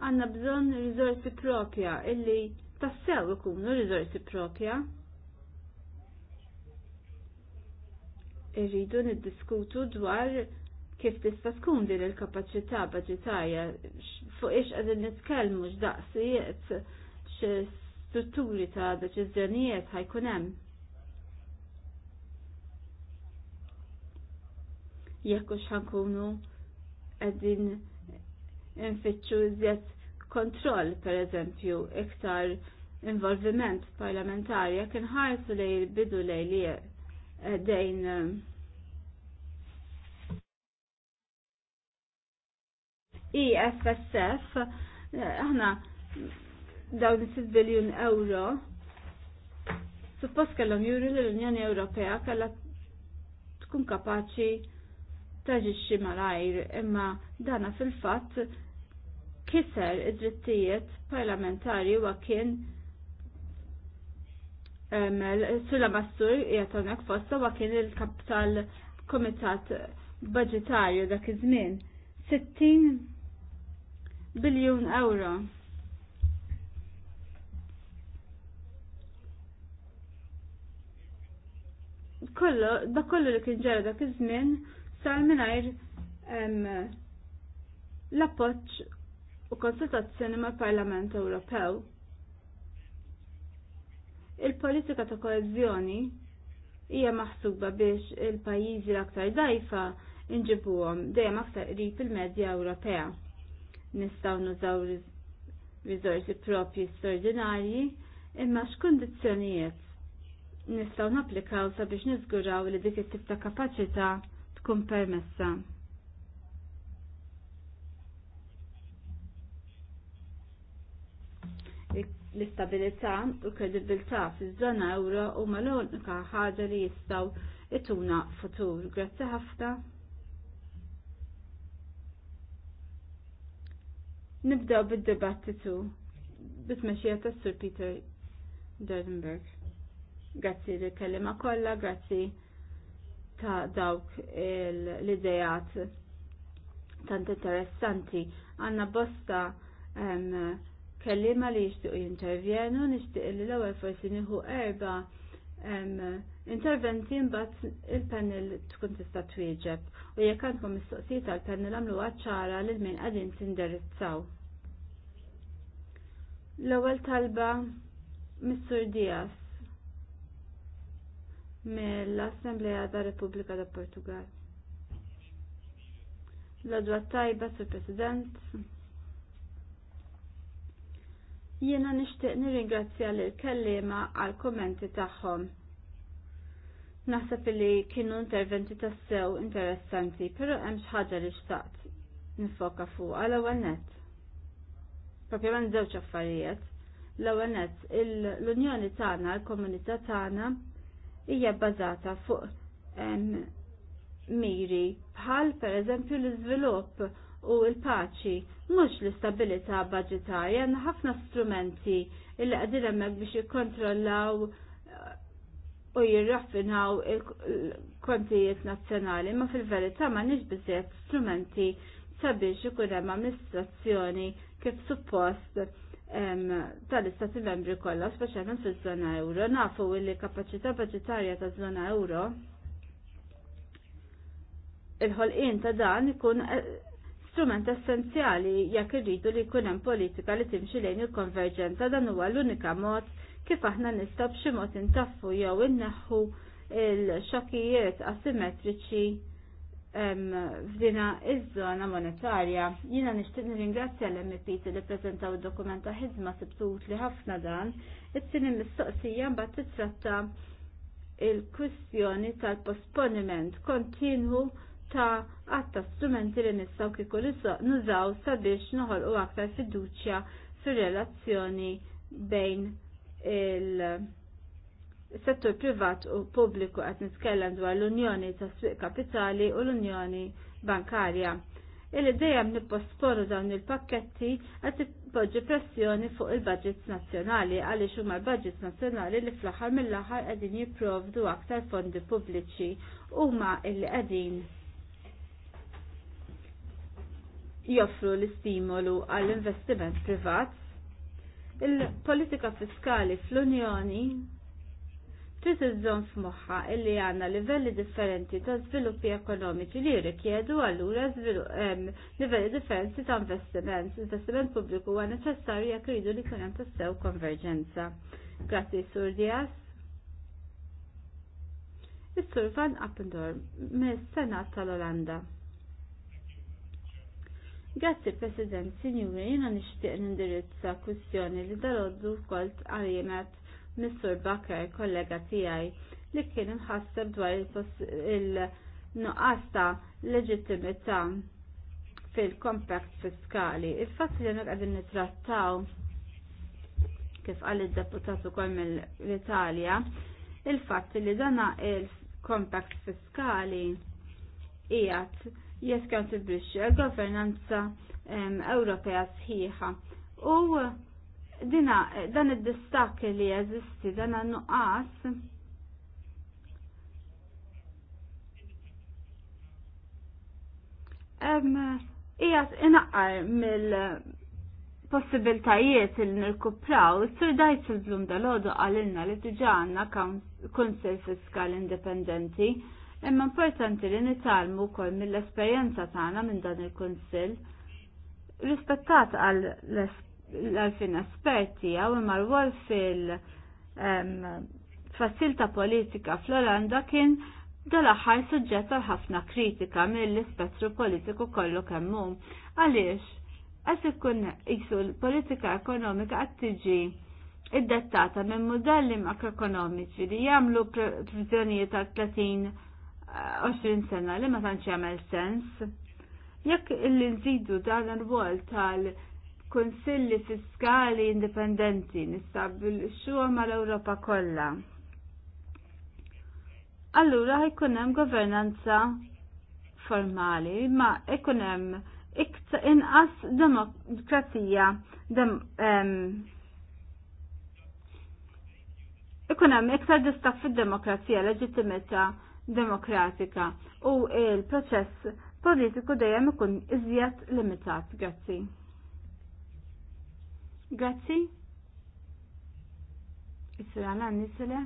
Għanna bżonn riżorsi propja illi tassew ikunu riżorsi propja. Irridu niddiskutu dwar kif tista' tkun din il-kapaċità budġetarja fuq ix qegħdin nitkellmu x'daqsijiet x'strutturi ta' deċiżjonijiet ħajkun hemm. jekk hux għedin qegħdin infittxu kontrol, kontroll pereżempju iktar involviment parlamentari jek nħarsu lej bidu lej li għedin IFSF, um, e aħna dawn 6 biljun euro suppost kellhom juru l-Unjoni Ewropea kellha tkun kapaċi taġiċi malajr imma dana fil-fatt kisser id-drittijiet parlamentari wa kien Sulla Massur jgħatonek fosta wa kien il-kap tal-Komitat Budgetarju dak iż-żmien 60 biljun euro. Kollu, da kollu li kien ġara dak iż-żmien tal minajr l-appoċ u konsultazzjoni mal Parlament Ewropew. Il-politika ta' koezjoni hija maħsuba biex il-pajjiżi l-aktar dajfa inġibuhom dejjem aktar qrib il-medja Ewropea. Nistgħu nużaw riżorsi propji straordinarji imma x'kundizzjonijiet nistgħu napplikaw sabiex niżguraw li dik it-tip ta' kapaċità tkun permessa. L-istabilità u kredibilità fiż-żona euro huma l-unika ħaġa li jistgħu ituna futur. Grazzi ħafna. Nibdew bid-dibattitu bit-mexija tas-Sur Peter Dardenberg. Grazzi li kellima kollha, grazzi ta' dawk l-idejat tant interessanti. Għanna bosta um, kellima li jishtiqu jintervjenu, nishtiq li l-ewel forsi nieħu erba um, interventi mbagħad il-panel tkun tista' twieġeb u jekk għandkom mistoqsijiet tal-panel għamlu ċara lil min qegħdin tindirizzaw. L-ewwel talba Mr. Diaz mill assemblea ta' Repubblika ta' Portugal. L-odwa tajba, Sur President. Jiena nixtieq nirringrazzja lill kellima għal kommenti tagħhom. Naħseb li kienu interventi tassew interessanti, però hemm xi ħaġa li xtaqt nifoka fuq għal ewwel nett. Propjament żewġ affarijiet. L-ewwel net, l-Unjoni tagħna, l-Komunità tagħna, hija bbażata fuq miri bħal pereżempju l-iżvilupp u l-paċi mhux l-istabilità budgetarja għandna ħafna strumenti illi qegħdin hemmhekk biex jikkontrollaw u jirraffinaw il-kontijiet nazzjonali, ma fil-verità ma nix biżiet strumenti sabiex ikun hemm amministrazzjoni kif suppost tal-istati membri kollha speċjalment fiż-żona euro. Nafu li kapaċità budġetarja ta' żona euro il-ħolqien ta' dan ikun eh, strument essenzjali jekk irridu li jkun hemm politika li timxi lejn il-konverġenza dan huwa l-unika mod kif aħna nistgħu b'xi mod intaffu jew inneħħu il-xokkijiet asimetriċi f'dina iż-żona monetarja. Jiena nixtieq nirringrazzja l-MPs li ppreżentaw id-dokumenta ħidma sibtut li ħafna dan, it-tieni mistoqsija mbagħad titratta il-kwistjoni tal-posponiment kontinwu ta' għatta strumenti li nistaw kieku nużaw sabiex u aktar fiduċja fir-relazzjoni bejn il- settur privat u pubbliku qed nitkellem dwar l-Unjoni tas-Swieq Kapitali u l-Unjoni Bankarja. Illi dejjem nipposporu dawn il-pakketti qed tippoġġi pressjoni fuq il-budgets nazzjonali għaliex huma l-budgets nazzjonali li fl-aħħar mill-aħħar qegħdin jipprovdu aktar fondi pubbliċi huma illi qegħdin joffru l-istimolu għall-investiment privat il-politika fiskali fl-Unjoni trid iżżomm f'moħħa li għandna livelli differenti ta' żviluppi ekonomiċi li jirrikjedu allura livelli differenti ta' investiment. Investiment pubbliku huwa neċessarju jekk iridu li jkun hemm tassew konverġenza. Grazzi Sur Dias. Is-Sur Van Appendor mis-Senat tal-Olanda. Grazzi President, Sinjuri, jiena nixtieq nindirizza kwistjoni li dal-oddu wkoll għaljemet Mr. Bakker, kollega tiegħi, li kien imħasseb dwar il-nuqqas ta' leġittimità fil-kompakt fiskali. Il-fatt li għadin nittrattaw kif qal id deputatu kol mill-Italja, il-fatt li dana il-kompakt fiskali qiegħed jeskan tibbrixxi governanza Ewropea sħiħa. U dina dan id-distak li jeżisti dan nuqqas Em, ijat inaqqar mill-possibiltajiet il nirkupraw, Sir Dajt il-Blum dal-ħodu għalinna li tuġanna kunsel fiskal indipendenti, imma importanti li nitalmu kol mill-esperienza tagħna minn dan il kunsel rispettat għal l l-alfin esperti għaw imma l fil fasilta politika fl-Olanda kien dal-axħar suġġett għal ħafna kritika mill-ispettru politiku kollu kemmum. Għaliex, għas ikkun isu l-politika ekonomika għattiġi tiġi id-dettata minn modelli makroekonomiċi li jagħmlu previżjonijiet għal 30 20 sena li ma tantx jagħmel sens. Jekk li nżidu dan ir-rwol tal- kunsilli fiskali indipendenti nistabilixxuhom mal-Ewropa kollha. Allura ħajkun hemm governanza formali, ma ikun hemm inqas demokrazija dem, ikun hemm iktar distaq fid-demokrazija leġittimità demokratika u il-proċess politiku dejjem ikun iżjed limitat. Grazzi. Grazzi. is lan nisile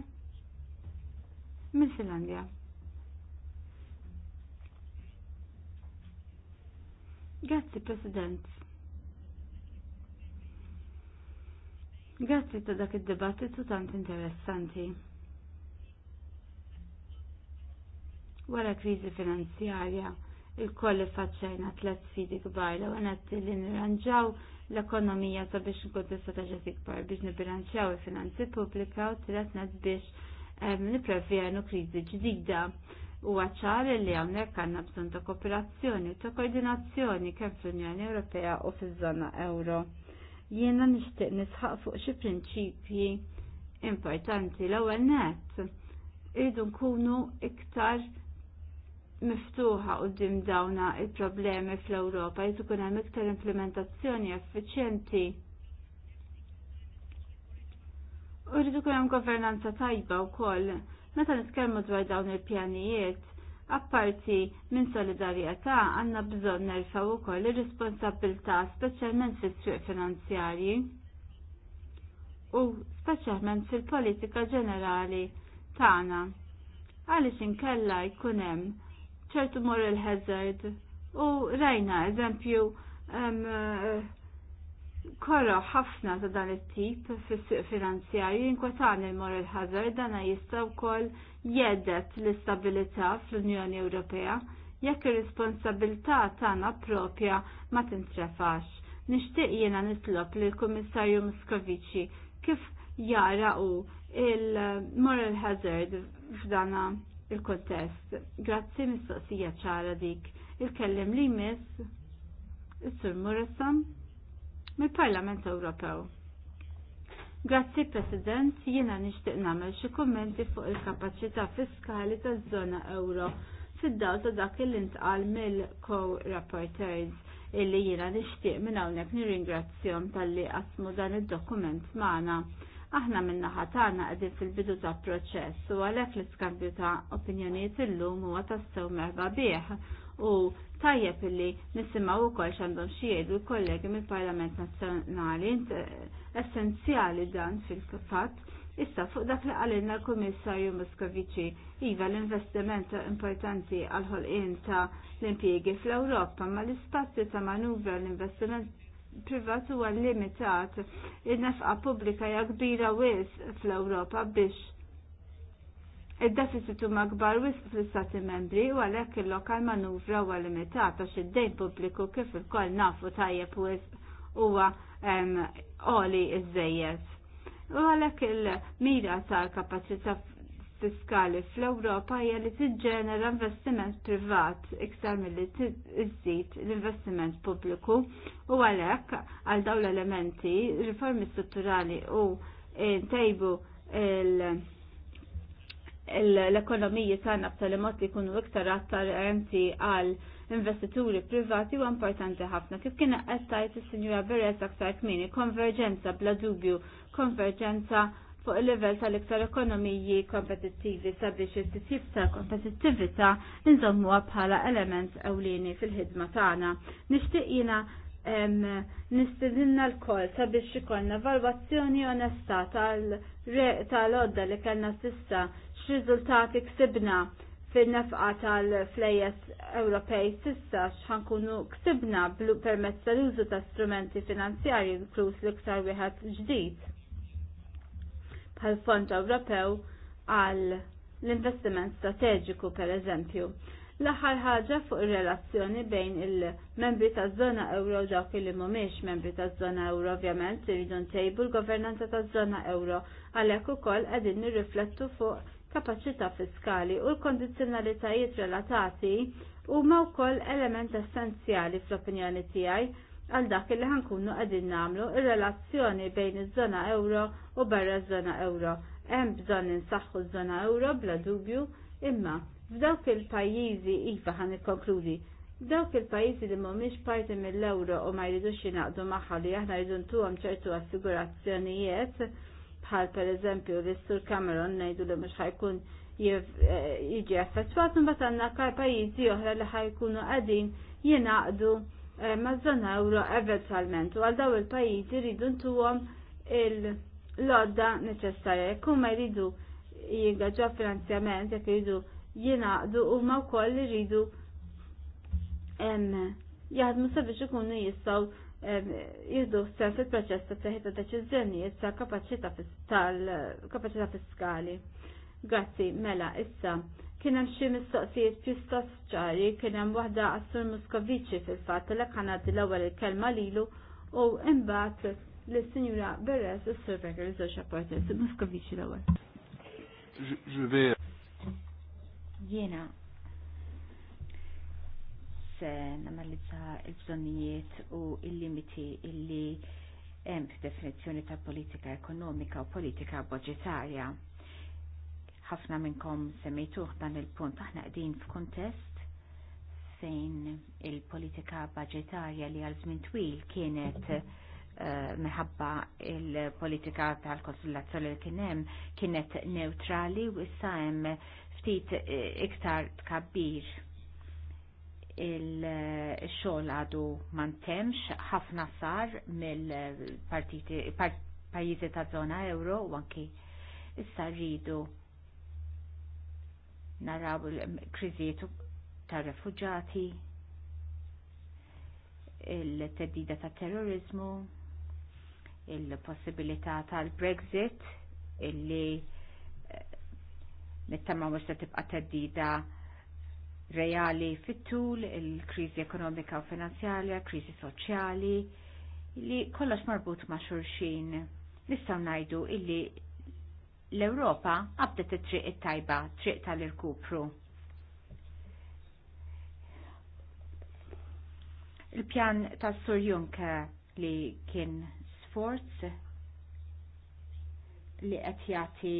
minn Finlandja. Grazzi President. Grazzi ta' dak id-dibattitu tant interessanti. Wara kriżi finanzjarja, il-kolli faċċajna tliet sfidi kbar l għanet li nirranġaw l-ekonomija sabiex nkun tista' taġa tikbar biex nibilanċjaw il-finanzi pubblika u nad biex ehm, niprevjenu kriżi ġdida. U għacċar li għamnek għanna bżon ta' kooperazzjoni u ta' koordinazzjoni kemm fl-Unjoni Ewropea u fiż-żona euro. Jiena nixtieq nisħaq fuq xi prinċipji importanti l-ewwel net irridu nkunu iktar miftuħa dim dawna il-problemi fl-Ewropa jizu kuna hemm iktar implementazzjoni effiċjenti. U rrid ikun hemm governanza tajba wkoll meta nitkellmu dwar dawn il-pjanijiet, apparti minn solidarjetà għandna bżonn u koll ir responsabilta speċjalment fis-swieq finanzjarji u speċjalment fil-politika ġenerali tagħna għaliex inkella jkun hemm ċertu moral hazard. U rajna eżempju korra ħafna ta' dan it-tip fis-suq finanzjarju jinkwetan il-moral hazard dana jista' wkoll jedet l-istabilità fl-Unjoni Ewropea jekk ir-responsabilità tagħna propja ma tintrefax. Nixtieq jiena nitlob lill kummissarju Moscovici kif jara u il-moral hazard f'dana il-kontest. Grazzi mistoqsija ċara dik. Il-kellem li jmiss, il-Sur Murassan mill-Parlament Ewropew. Grazzi President, jiena nixtieq nagħmel xi kummenti fuq il-kapaċità fiskali taż-żona euro fid-daw ta' dak il intqal mill-co-rapporteurs illi jiena nixtieq minn hawnhekk nirringrazzjahom talli qasmu dan id-dokument magħna Aħna minnaħa tagħna qegħdin fil-bidu ta' proċess u għalhekk l-iskambju ta' opinjonijiet illum huwa tassew merba bih u tajjeb illi nisimgħu wkoll x'għandhom xi jgħidu l-kollegi mill-Parlament Nazzjonali eh, essenzjali dan fil-fatt Issa fuq dak li għalina l-Komissarju Moskovici, iva l-investiment importanti għal-ħolqien ta' l-impiegi fl-Europa, ma l-ispazju ta' manuvra l-investiment privat huwa limitat. Il-nefqa pubblika hija kbira wis fl-Ewropa biex Id-deficit huma kbar wisq fl-Istati Membri u għalhekk il-lokal manuvra huwa limitat għax id-dejn pubbliku kif ukoll nafu tajjeb wis huwa għoli iż-żejjed. U għalhekk il-mira tal-kapaċità fiskali fl-Ewropa hija li tiġġenera investiment privat iktar milli tiżid l-investiment pubbliku u għalhekk għal dawn l-elementi riformi strutturali u eh, ntejbu l-ekonomiji tagħna b'tali mod li jkunu iktar attarenti għal investituri privati u importanti ħafna. Kif kien qed tajt is-Sinjura Beres aktar kmini, konverġenza bla dubju, konverġenza fuq il-level tal-iktar ekonomiji kompetittivi sabiex il-titjib ta' kompetittivita nżommuha bħala element ewlieni fil-ħidma tagħna. Nixtieq jiena nistedinna l-kol sabiex ikollna valwazzjoni onesta tal-odda li kellna sissa x'riżultati ksibna fil-nefqa tal-flejes Ewropej sissa xħankunu ksibna permezz tal-użu ta' strumenti finanzjarji inkluż l-iktar wieħed ġdid bħal Fond Ewropew għal l-investiment strateġiku per eżempju. L-aħħar ħaġa fuq ir-relazzjoni bejn il-membri taż-żona euro dawk li mhumiex membri taż-żona euro ovvjament iridu ntejbu l-governanza taż-żona euro għalhekk ukoll qegħdin nirriflettu fuq kapaċità fiskali u l-kondizzjonalitajiet relatati huma wkoll element essenzjali fl-opinjoni tiegħi għal dak li ħankunu qegħdin nagħmlu ir-relazzjoni bejn iż-żona euro u barra ż-żona euro. Hemm bżonn insaħħu ż-żona euro bla dubju, imma f'dawk il-pajjiżi iva ħan ikkonkludi Dawk il-pajjiżi li mhumiex parti mill-ewro u ma jridux jingħaqdu magħha li aħna rridu ntuhom ċertu assigurazzjonijiet bħal pereżempju li sur Cameron ngħidu li mhux ħajkun eh, jiġi affettwat imbagħad għandna pajjiżi oħra li ħajkunu qegħdin jingħaqdu Eh, maż euro eventualment u għal daw il-pajjiżi rridu ntuhom il-lodda neċessarja jekk jridu jingaġġaw finanzjament jekk jridu jingħaqdu huma wkoll jridu jaħdmu sabiex ikunu jistgħu jihdu sens il proċess ta' ta' deċiżjonijiet tal kapaċità fiskali. Grazzi, mela, issa Kien hemm xi mistoqsijiet pjuttost ċari, kien hemm waħda qassur sur fil-fatt l ħanati l-ewwel il-kelma lilu u imbagħad lis-Sinjura Beres u Sur Becker żewġ rapporti Sur l-ewwel. Jiena se namalizza il-bżonnijiet u il-limiti illi hemm f'definizzjoni ta' politika ekonomika u politika budġetarja ħafna minnkom semmejtuh dan il-punt aħna qegħdin f'kuntest fejn il-politika budgetarja li għal żmien twil kienet eh, meħabba il-politika tal konsulazzjoni li kien hemm kienet neutrali u issa hemm ftit eh, iktar tkabbir il-xogħol għadu mantemx ħafna sar mill-partiti pajjiżi ta' zona euro u anki issa rridu naraw il-kriżiet ta' refugġati, il-teddida ta' terrorizmu, il-possibilità tal-Brexit, illi eh, nittama mux tibqa teddida reali fit-tul, il-krizi ekonomika u finanzjarja, krizi soċjali, li kollox marbut ma' xurxin. Nistaw najdu illi l-Ewropa għabdet it-triq it-tajba, triq tal-irkupru. Il-pjan tas Sur Juncker li kien sforz li qed jagħti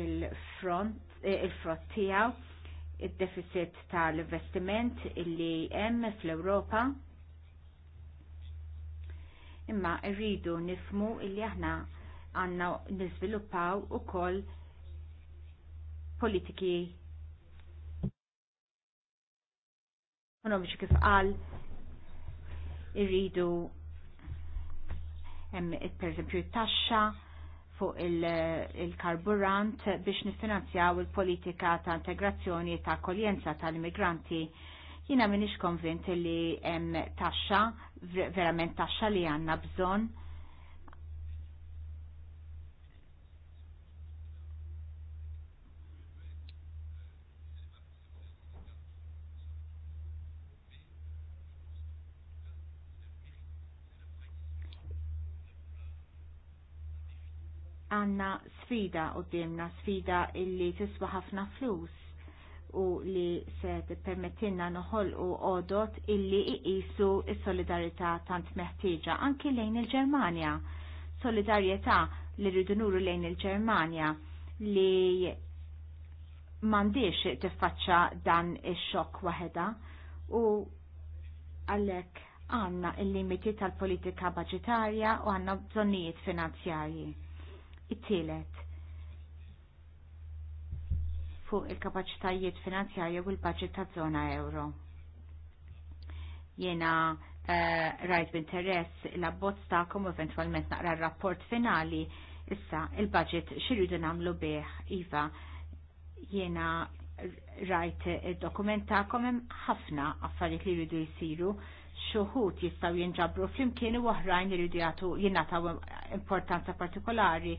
il-front il front tiegħu id-deficit tal-investiment illi hemm fl-Ewropa imma rridu nifmu illi aħna għanna nizviluppaw u kol politiki ekonomiċi kif qal irridu per eżempju taxxa fuq il-karburant il biex nifinanzjaw il-politika ta' integrazzjoni ta' akkoljenza tal-immigranti jina minix konvint li hemm taxxa verament taxxa li għanna bżonn għanna sfida u dimna sfida illi tiswa ħafna flus u li se permettinna noħol u odot illi iqisu il solidarita tant meħtieġa anki lejn il-Germania. Solidarieta li rridu nuru lejn il-Germania li mandiex tiffaċċa dan ix-xokk waheda u għalhekk għandna il-limiti tal-politika budgetarja u għandna bżonnijiet finanzjarji it-tielet fuq il-kapaċitajiet finanzjarja u l-budget ta' zona euro. Jena uh, eh, rajt b'interess l-abbozz ta'kom eventualment naqra r-rapport finali issa il-budget xirridu namlu bih iva jena rajt id-dokument ta'kom hemm ħafna affarijiet li jridu jsiru xuħut jistaw jinġabru flimkien u oħrajn jridu jagħtu jingħataw importanza partikolari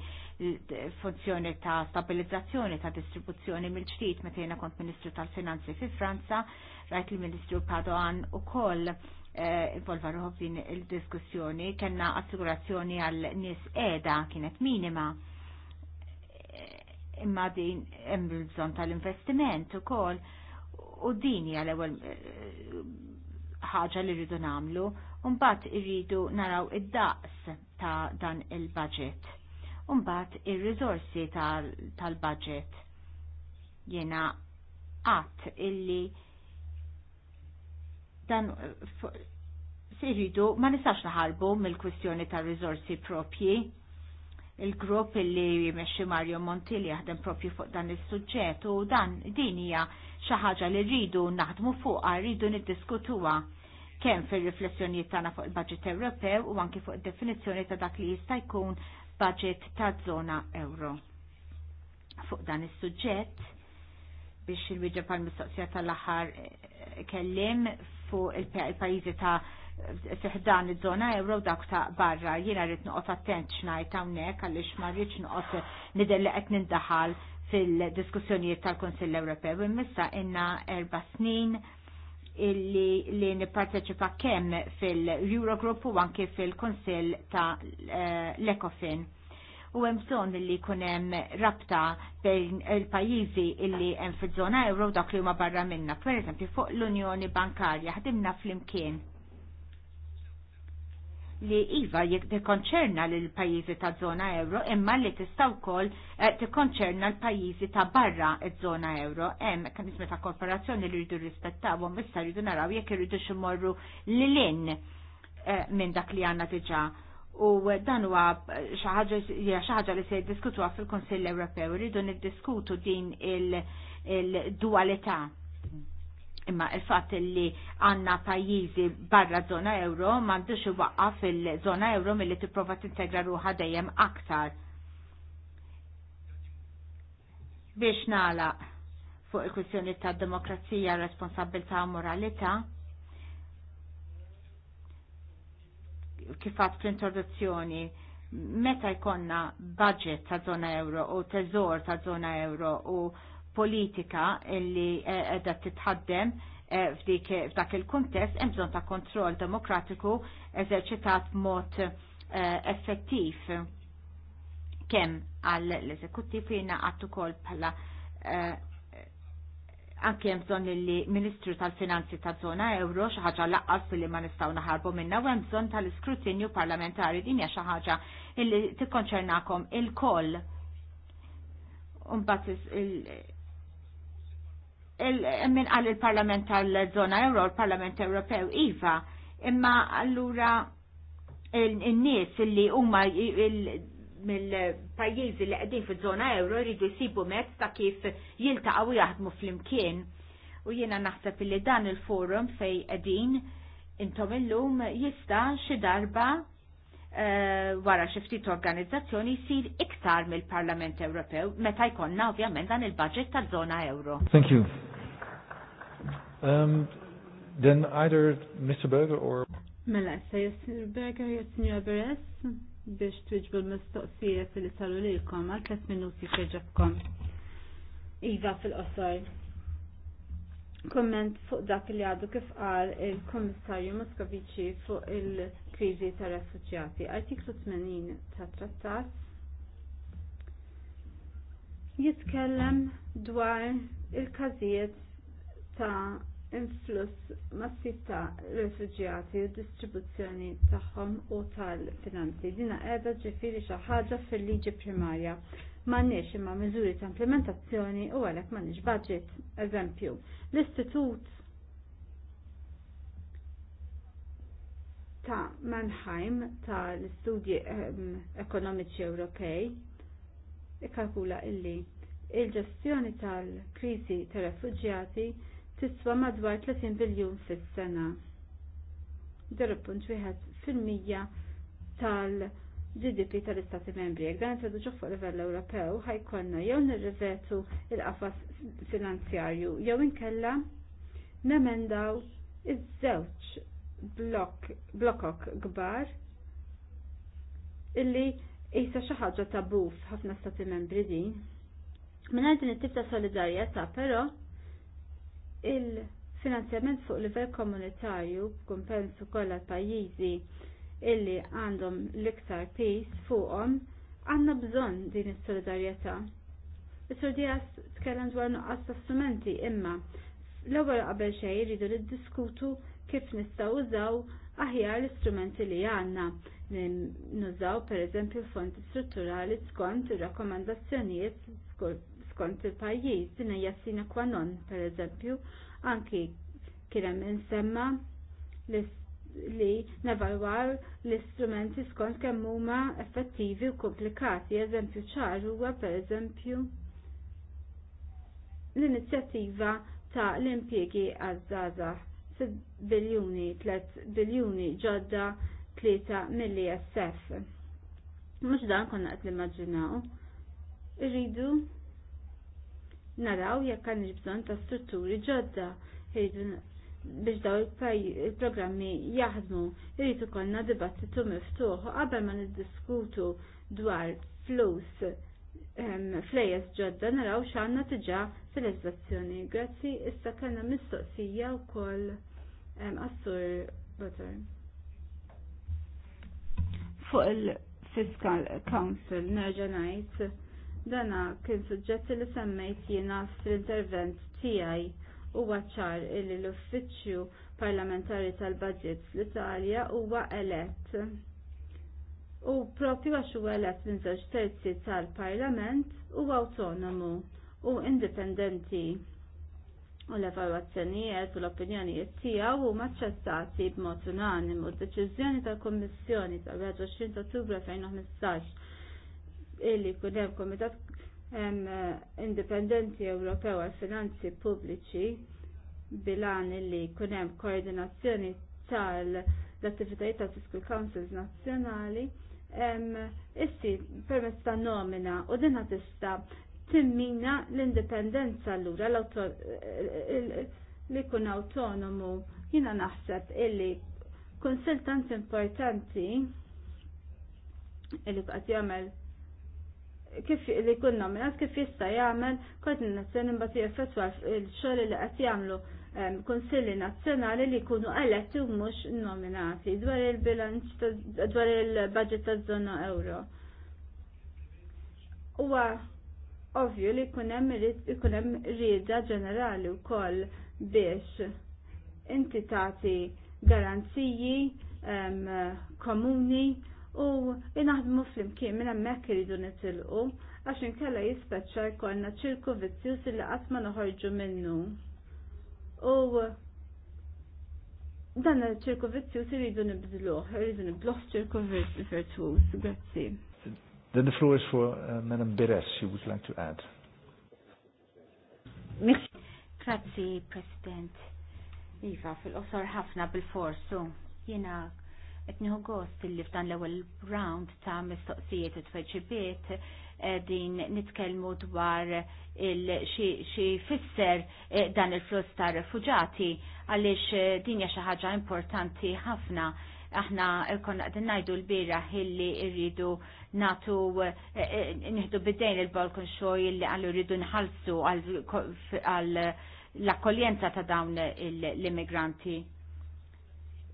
funzjoni ta' stabilizzazzjoni ta' distribuzzjoni mill-ġdid meta jiena kont Ministru tal-Finanzi fi Franza, rajt li ministru Padoan ukoll eh, involvaru ruħu fin il-diskussjoni, kellna assigurazzjoni għal nies qiegħda kienet minima eh, imma din hemm bżonn tal-investiment ukoll u din hija l-ewwel eh, ħaġa li rridu namlu, mbagħad irridu naraw id-daqs ta' dan il-budget. mbagħad ir-rizorsi tal-budget. jiena Jena għat illi dan jridu ma nistax naħarbu mill-kwistjoni tar rizorsi propji. Il-grupp illi jimexxi Mario Monti li jaħdem propju fuq dan is-suġġett u dan din hija xi ħaġa li rridu naħdmu fuqha, rridu niddiskutuha kemm fir-riflessjonijiet tagħna fuq il-budget Ewropew u anki fuq id-definizzjoni ta' dak li jista' jkun budget ta' zona euro. Fuq dan is-suġġett biex il-wieġa pal-mistoqsija tal-aħħar eh, kellim fuq il-pajjiżi ta' dan iż-żona euro dak ta' barra jiena rrid noqgħod attent x'ngħid hawnhekk għaliex ma rridx noqgħod nidher qed nindaħal fil-diskussjonijiet tal-Kunsill Ewropew imissa inna erba' snin illi li nipparteċipa kemm fil-Eurogroup u anke fil-Konsil ta' eh, l-Ecofin. U hemm bżonn li jkun hemm rabta bejn il-pajjiżi illi hemm fiż-żona euro dak li huma barra minna. Per eżempju, fuq l-Unjoni Bankarja ħdimna flimkien li iva jek tikkonċerna l pajjiżi ta' zona euro imma li tista' wkoll eh, tikkonċerna l-pajjiżi ta' barra ż-żona euro hemm mekkaniżmi ta' korporazzjoni li jridu rispettawhom issa rridu naraw jekk irridu ximorru lilin eh, minn dak li għandna diġà u dan huwa eh, xi ħaġa li se jiddiskutuha fil-Kunsill Ewropew, irridu niddiskutu din il-dualità. il dualità Imma il-fat li għanna pajjiżi barra zona euro mandux waqqa fil-zona euro mill-li tipprova tintegra ruħa dejjem aktar. Biex nala fuq il-kwistjoni ta' demokrazija, responsabilta' u moralita' kifat fl-introduzzjoni, meta jkonna budget ta' zona euro u teżor ta' zona euro u politika li eh, edha titħaddem eh, f'dak il-kuntest hemm bżonn ta' kontroll demokratiku eżerċitat mod eh, effettiv kemm għall l-eżekuttiv jiena qatt ukoll bħala anke hemm bżonn li Ministru tal-Finanzi ta' żona euro xi ħaġa laqqas li ma nistgħu naħarbu minna u hemm bżonn tal-iskrutinju parlamentari din hija xi ħaġa li tikkonċernakom il-koll. Mbagħad min għal il-Parlament tal-Zona Euro, il-Parlament Ewropew, Iva, imma allura il-nies li huma mill-pajjiżi li qegħdin fiż-żona Euro jridu jsibu mezz ta' kif jiltaqgħu jaħdmu flimkien. U jiena naħseb li dan il-forum fej qegħdin intom illum jista' xi darba eh, wara xi ftit organizzazzjoni jsir iktar mill-Parlament Ewropew meta jkollna ovvjament dan il-budget tal-żona euro. Thank you. Um, then either Mr. Berger or... Mela, se jessir Berger jessinja Beres biex twiġbu l-mistoqsijiet li saru li jkom, għal 3 minuti kħeġabkom. Iva fil-qosor. Komment fuq dak li għadu kif qal il-Komissarju Moskovici fuq il-kriżi ta' refuġjati Artiklu 80 ta' trattat jitkellem dwar il-każijiet ta' influss massiv ta' refugjati u distribuzzjoni tagħhom u tal-finanzi. Dina qiegħda ġifieri xi ħaġa fil-liġi primarja. M'għandniex imma miżuri ta' implementazzjoni u għalhekk m'għandniex budget. Eżempju, l-Istitut ta' Mannheim ta' l-Istudji ehm, Ekonomiċi Ewropej ikkalkula illi il-ġestjoni tal-kriżi tar-refuġjati tiswa madwar 30 biljun fis-sena. Darabpunt wieħed fil-mija tal-GDP tal-Istati Membri. Jekk dan introduċu fuq livell Ewropew ħajkonna jew nirrivetu il-qafas finanzjarju jew inkella nemendaw iż-żewġ blok blokok kbar illi jisa xi ħaġa tabu f'ħafna stati membri din. Minn din it-tip ta' solidarjetà però Il-finanzjament fuq livell komunitarju kumpensu kollha pajjiżi illi għandhom l-iktar pis fuqhom għandna bżonn din is-solidarjetà. Is-Sur tkellem dwar nuqqas ta' strumenti imma l-ewwel qabel xejn jridu niddiskutu kif nistgħu użaw aħjar l-istrumenti li għandna nużaw pereżempju fondi strutturali skont ir rakkomandazzjonijiet skont il-pajjiż din hija sine qua non, pereżempju, anki kien hemm insemma li nevalwar l-istrumenti skont kemm huma effettivi u komplikati. Eżempju ċar huwa pereżempju l-inizjattiva ta' l-impjegi għazzaza biljuni, 3 biljuni ġodda 3 milli SF. Mux dan konna qed l-immaġinaw. Irridu naraw jekk għandix bżonn ta' strutturi ġodda biex daw il-programmi jaħdmu irrid ikollna dibattitu miftuħ qabel ma niddiskutu dwar flus flejes ġodda naraw x'għandna diġà fil-leġizzazzjoni. Grazzi, issa kellna mistoqsija wkoll Assur sur Butter. Fuq il-Fiscal Council nerġa' ngħid Dana kien suġġetti li semmejt jiena fl-intervent tiegħi huwa ċar illi l-Uffiċċju Parlamentari tal-Budget fl-Italja huwa elett. U propju għax huwa elett minn żewġ terzi tal-Parlament huwa awtonomu u indipendenti u l-evalwazzjonijiet u l-opinjonijiet tiegħu huma ċċettati b'mod unanimu d-deċiżjoni tal-Kummissjoni tal-21 Ottubru 2015 illi kun hemm komitat indipendenti Ewropew għal finanzi pubbliċi bilan illi jkun hemm koordinazzjoni tal-attivitajiet tal-Fiscal Councils nazzjonali issi permezz ta' nomina u dinha tista' timmina l-indipendenza allura li kun autonomu jina naħseb illi konsultant importanti illi qatt jagħmel kif li kun nominat kif jista jagħmel koordinazzjoni imbagħad jeffettwa l-xogħol li qed jagħmlu ehm, konsilli nazzjonali li jkunu eletti u mhux nominati dwar il-bilanċ dwar il-budget taż-żona euro. Huwa ovvju li jkun hemm ikun hemm rieda ġenerali wkoll biex inti tagħti garanziji ehm, komuni u inaħdmu fl-imkien minn hemmhekk iridu nitilqu għax inkella jispeċċa jkollna ċirku vizzjuż li qatt ma noħorġu minnu. U dan il-ċirku vizzjuż iridu nibdluh, iridu nibdluh ċirku virtuż. Grazzi. Then the floor is for uh, Madam Beres, she would like to add. Grazie, President. Iva, fil-qosor ħafna bil-forsu. Jena etniħu gost li f'dan l-ewel round ta' mistoqsijiet u tweġibiet din nitkelmu dwar xi fisser e, dan il-flus ta' refugġati għaliex e, din hija xi ħaġa importanti ħafna aħna konna għadin ngħidu l-bira illi rridu natu e, nieħdu bidejn il-balkon xoj illi għallu rridu nħallsu għal l-akkoljenza ta' dawn l-immigranti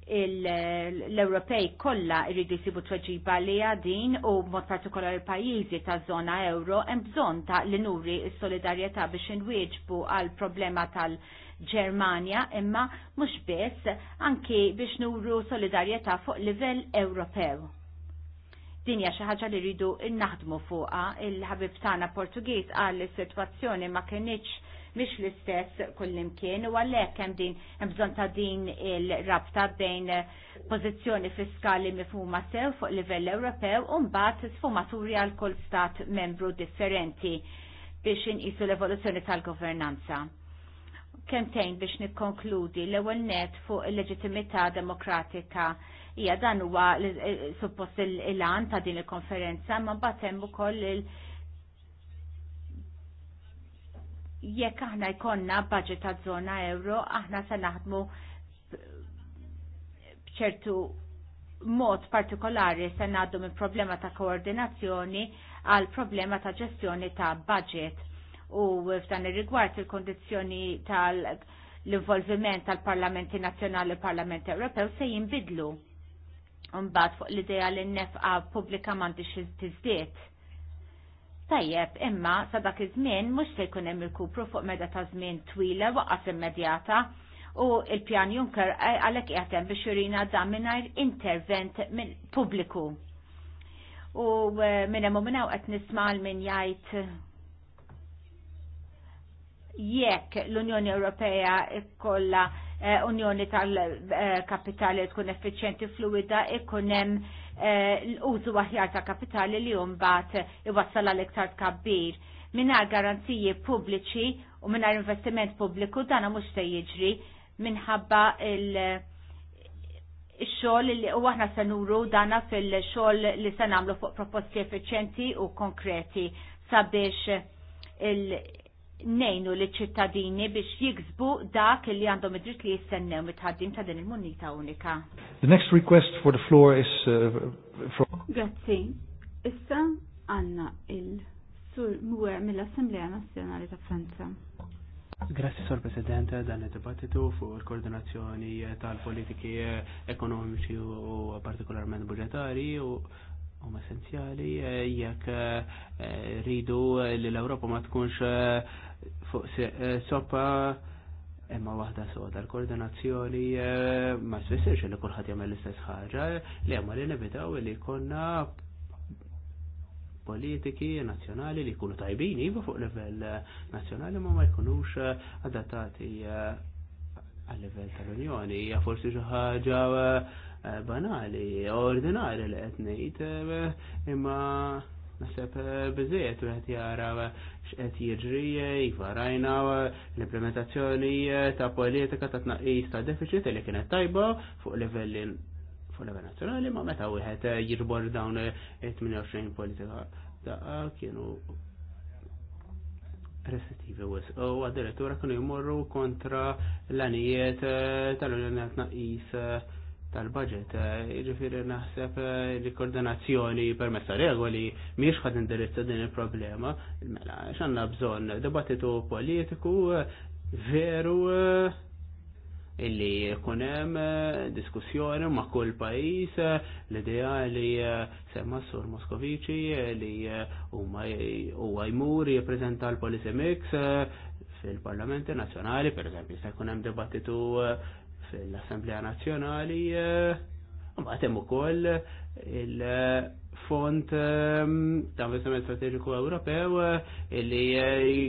l-Ewropej kollha jridu jsibu tweġiba li din u mod partikolari pajjiżi ta' zona euro hemm bżonn ta' li nuri s-solidarjetà biex inwieġbu għal problema tal-Ġermanja imma mhux biss anki biex nuru solidarjetà fuq livell Ewropew. Din hija xi ħaġa li rridu naħdmu fuqha il-ħabib tagħna Portugiż qal li s-sitwazzjoni ma kinitx mhix l-istess kullimkien u għalhekk hemm din hemm bżonn ta' din il-rabta bejn pożizzjoni fiskali mifhuma sew fuq livell Ewropew u mbagħad sfumaturi għal kull stat membru differenti biex inqisu l-evoluzzjoni tal-governanza. tejn biex nikkonkludi l-ewwel net fuq il-leġittimità demokratika hija dan huwa eh, suppost il-lan ta' din il-konferenza, ma mbagħad hemm ukoll il-, -il jekk aħna jkonna budget ta' zona euro, aħna se naħdmu bċertu mod partikolari se ngħaddu minn problema ta' koordinazzjoni għal problema ta' ġestjoni ta' budget. U f'dan ir-rigward il-kondizzjoni tal-involviment tal-Parlamenti Nazzjonali u Parlament Ewropew se jinbidlu. Mbagħad fuq l-idea li n-nefqa pubblika m'għandix tiżdied Tajjeb, imma sa dak iż-żmien mhux se jkun hemm il-kupru fuq meda ta' żmien twila waqaf immedjata u il-pjan Juncker għalhekk qiegħed biex jurina dan mingħajr intervent minn pubbliku. U e, minn hemm minn qed nisma' min jgħid jekk l-Unjoni Ewropea kollha e, Unjoni tal-Kapitali e, tkun effiċjenti fluwida ikun hemm Eh, l-użu aħjar ta' kapitali li mbagħad iwassal għal iktar tkabbir. Mingħajr garanziji pubbliċi u mingħajr investiment pubbliku dana mhux se jiġri minħabba il- xol li u għahna se dana fil-xogħol li se nagħmlu fuq proposti efficienti u konkreti sabiex nejnu li ċittadini biex jiksbu dak li għandhom id-dritt li jistennew mit ta' din il-munita unika. The next request for the floor is uh, from... Grazzi. Issa għanna il-sur Muwer mill-Assemblea Nazjonali ta' Franza. Grazie, Sor President, dan il-dibattitu fuq il-koordinazzjoni tal-politiki ekonomiċi u partikolarment budgetari u um essenzjali eh, jekk eh, rridu li l ewropa ma tkunx eh, fuq eh, soppa imma waħda soda l-koordinazzjoni eh, ma s-fessirx li kulħadd jagħmel l-istess ħagġa li hemm li nibitaw li konna politiki nazzjonali li jkunu tajbini iva fuq livell eh, nazzjonali ma ma jkunux adattati għal livell tal-Unjoni hija forsi ħaġa banali, ordinari li għetnejt imma Nasib eh, bizziet u għet jara x'qed jiġri iva rajna l-implementazzjoni eh, ta' politika ta' tnaqis ta' deficit li kienet tajba fuq livelli fuq livell nazzjonali ma' meta wieħed eh, jiġbor dawn 28 politika ta' kienu restrittivi wis. U għad-direttura kienu jmorru kontra l-anijiet tal-Unjoni tnaqqis tal-budget. Eh, Ġifiri naħseb eh, li koordinazzjoni permessa regoli miex ħad indirizza din il-problema. Mela, xanna bżon debattitu politiku eh, veru illi kunem diskussjoni ma' kull pajis l-idea li semma sur Moskovici li huwa jmur jiprezenta l-Policy Mix fil-Parlamenti Nazzjonali, per eżempju, se jkun hemm fil-Assemblea Nazzjonali Mbagħad eh, hemm ukoll il-Fond ehm, ta' Investiment Strateġiku Ewropew eh, illi eh,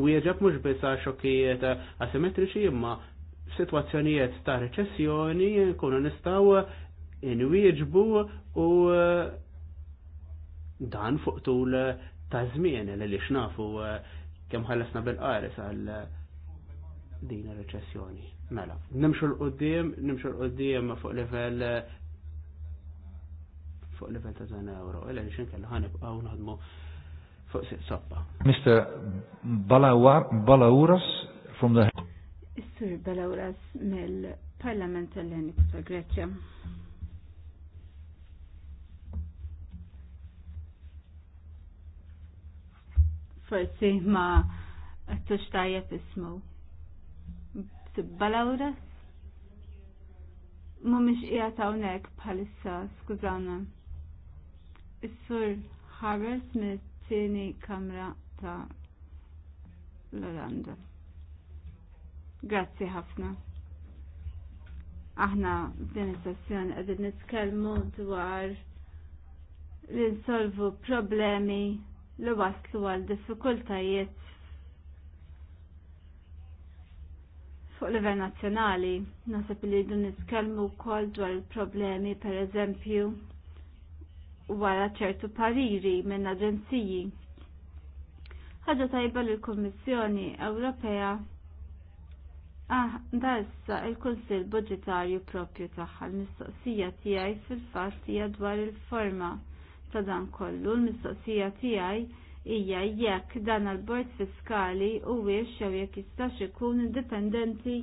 wieġeb mhux biss għal xokkijiet asimetriċi imma f'sitwazzjonijiet ta' reċessjoni nkunu nistgħu inwieġbu u dan fuq tul ta' żmien li xnafu kemm ħallasna bil-qares għal din il reċessjoni Mela, nimxu l-qoddim, nimxu l-qoddim fuq level fuq level ta' zona euro, illa li ħanib għaw naħdmu fuq sit soppa. Mr. Balauras from the... is Balauras mill-Parlament tal-Lenik ta' Greċja. Forsi ma' għattux tajjeb ismu. Balawra mumiex qiegħed hawnhekk bħalissa skużana. Is-sur Harris mit-tieni kamra ta' l Grazzi ħafna. Aħna f'din is-sessjoni qegħdin nitkellmu dwar l-insolvu problemi li waslu għal diffikultajiet fuq livell nazzjonali. Nasib li dun nitkellmu wkoll dwar il-problemi pereżempju wara ċertu pariri minn aġenziji. Ħaġa tajba li l-Kummissjoni Ewropea Ah, da issa il-Kunsil Budgetarju propju tagħha l-mistoqsija tiegħi fil-fatt hija dwar il-forma ta' dan kollu. L-mistoqsija tiegħi hija jekk dan il-bord fiskali huwiex jew jekk jistax ikun indipendenti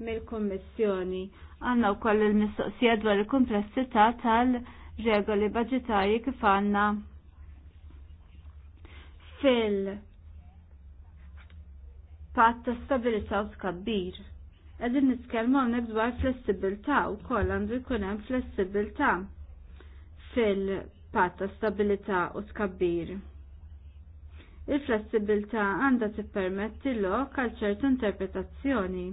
mill-Kummissjoni. Għandna wkoll il-mistoqsija dwar il-kumplessità tal-regoli budġetarji kif għandna fil patt ta' stabilità u tkabbir. Għedin nitkellmu hawnhekk dwar flessibilità wkoll għandu jkun hemm flessibilità fil-patt ta' stabilità u tkabbir il-flessibilità għandha tippermetti lok għal ċertu interpretazzjoni.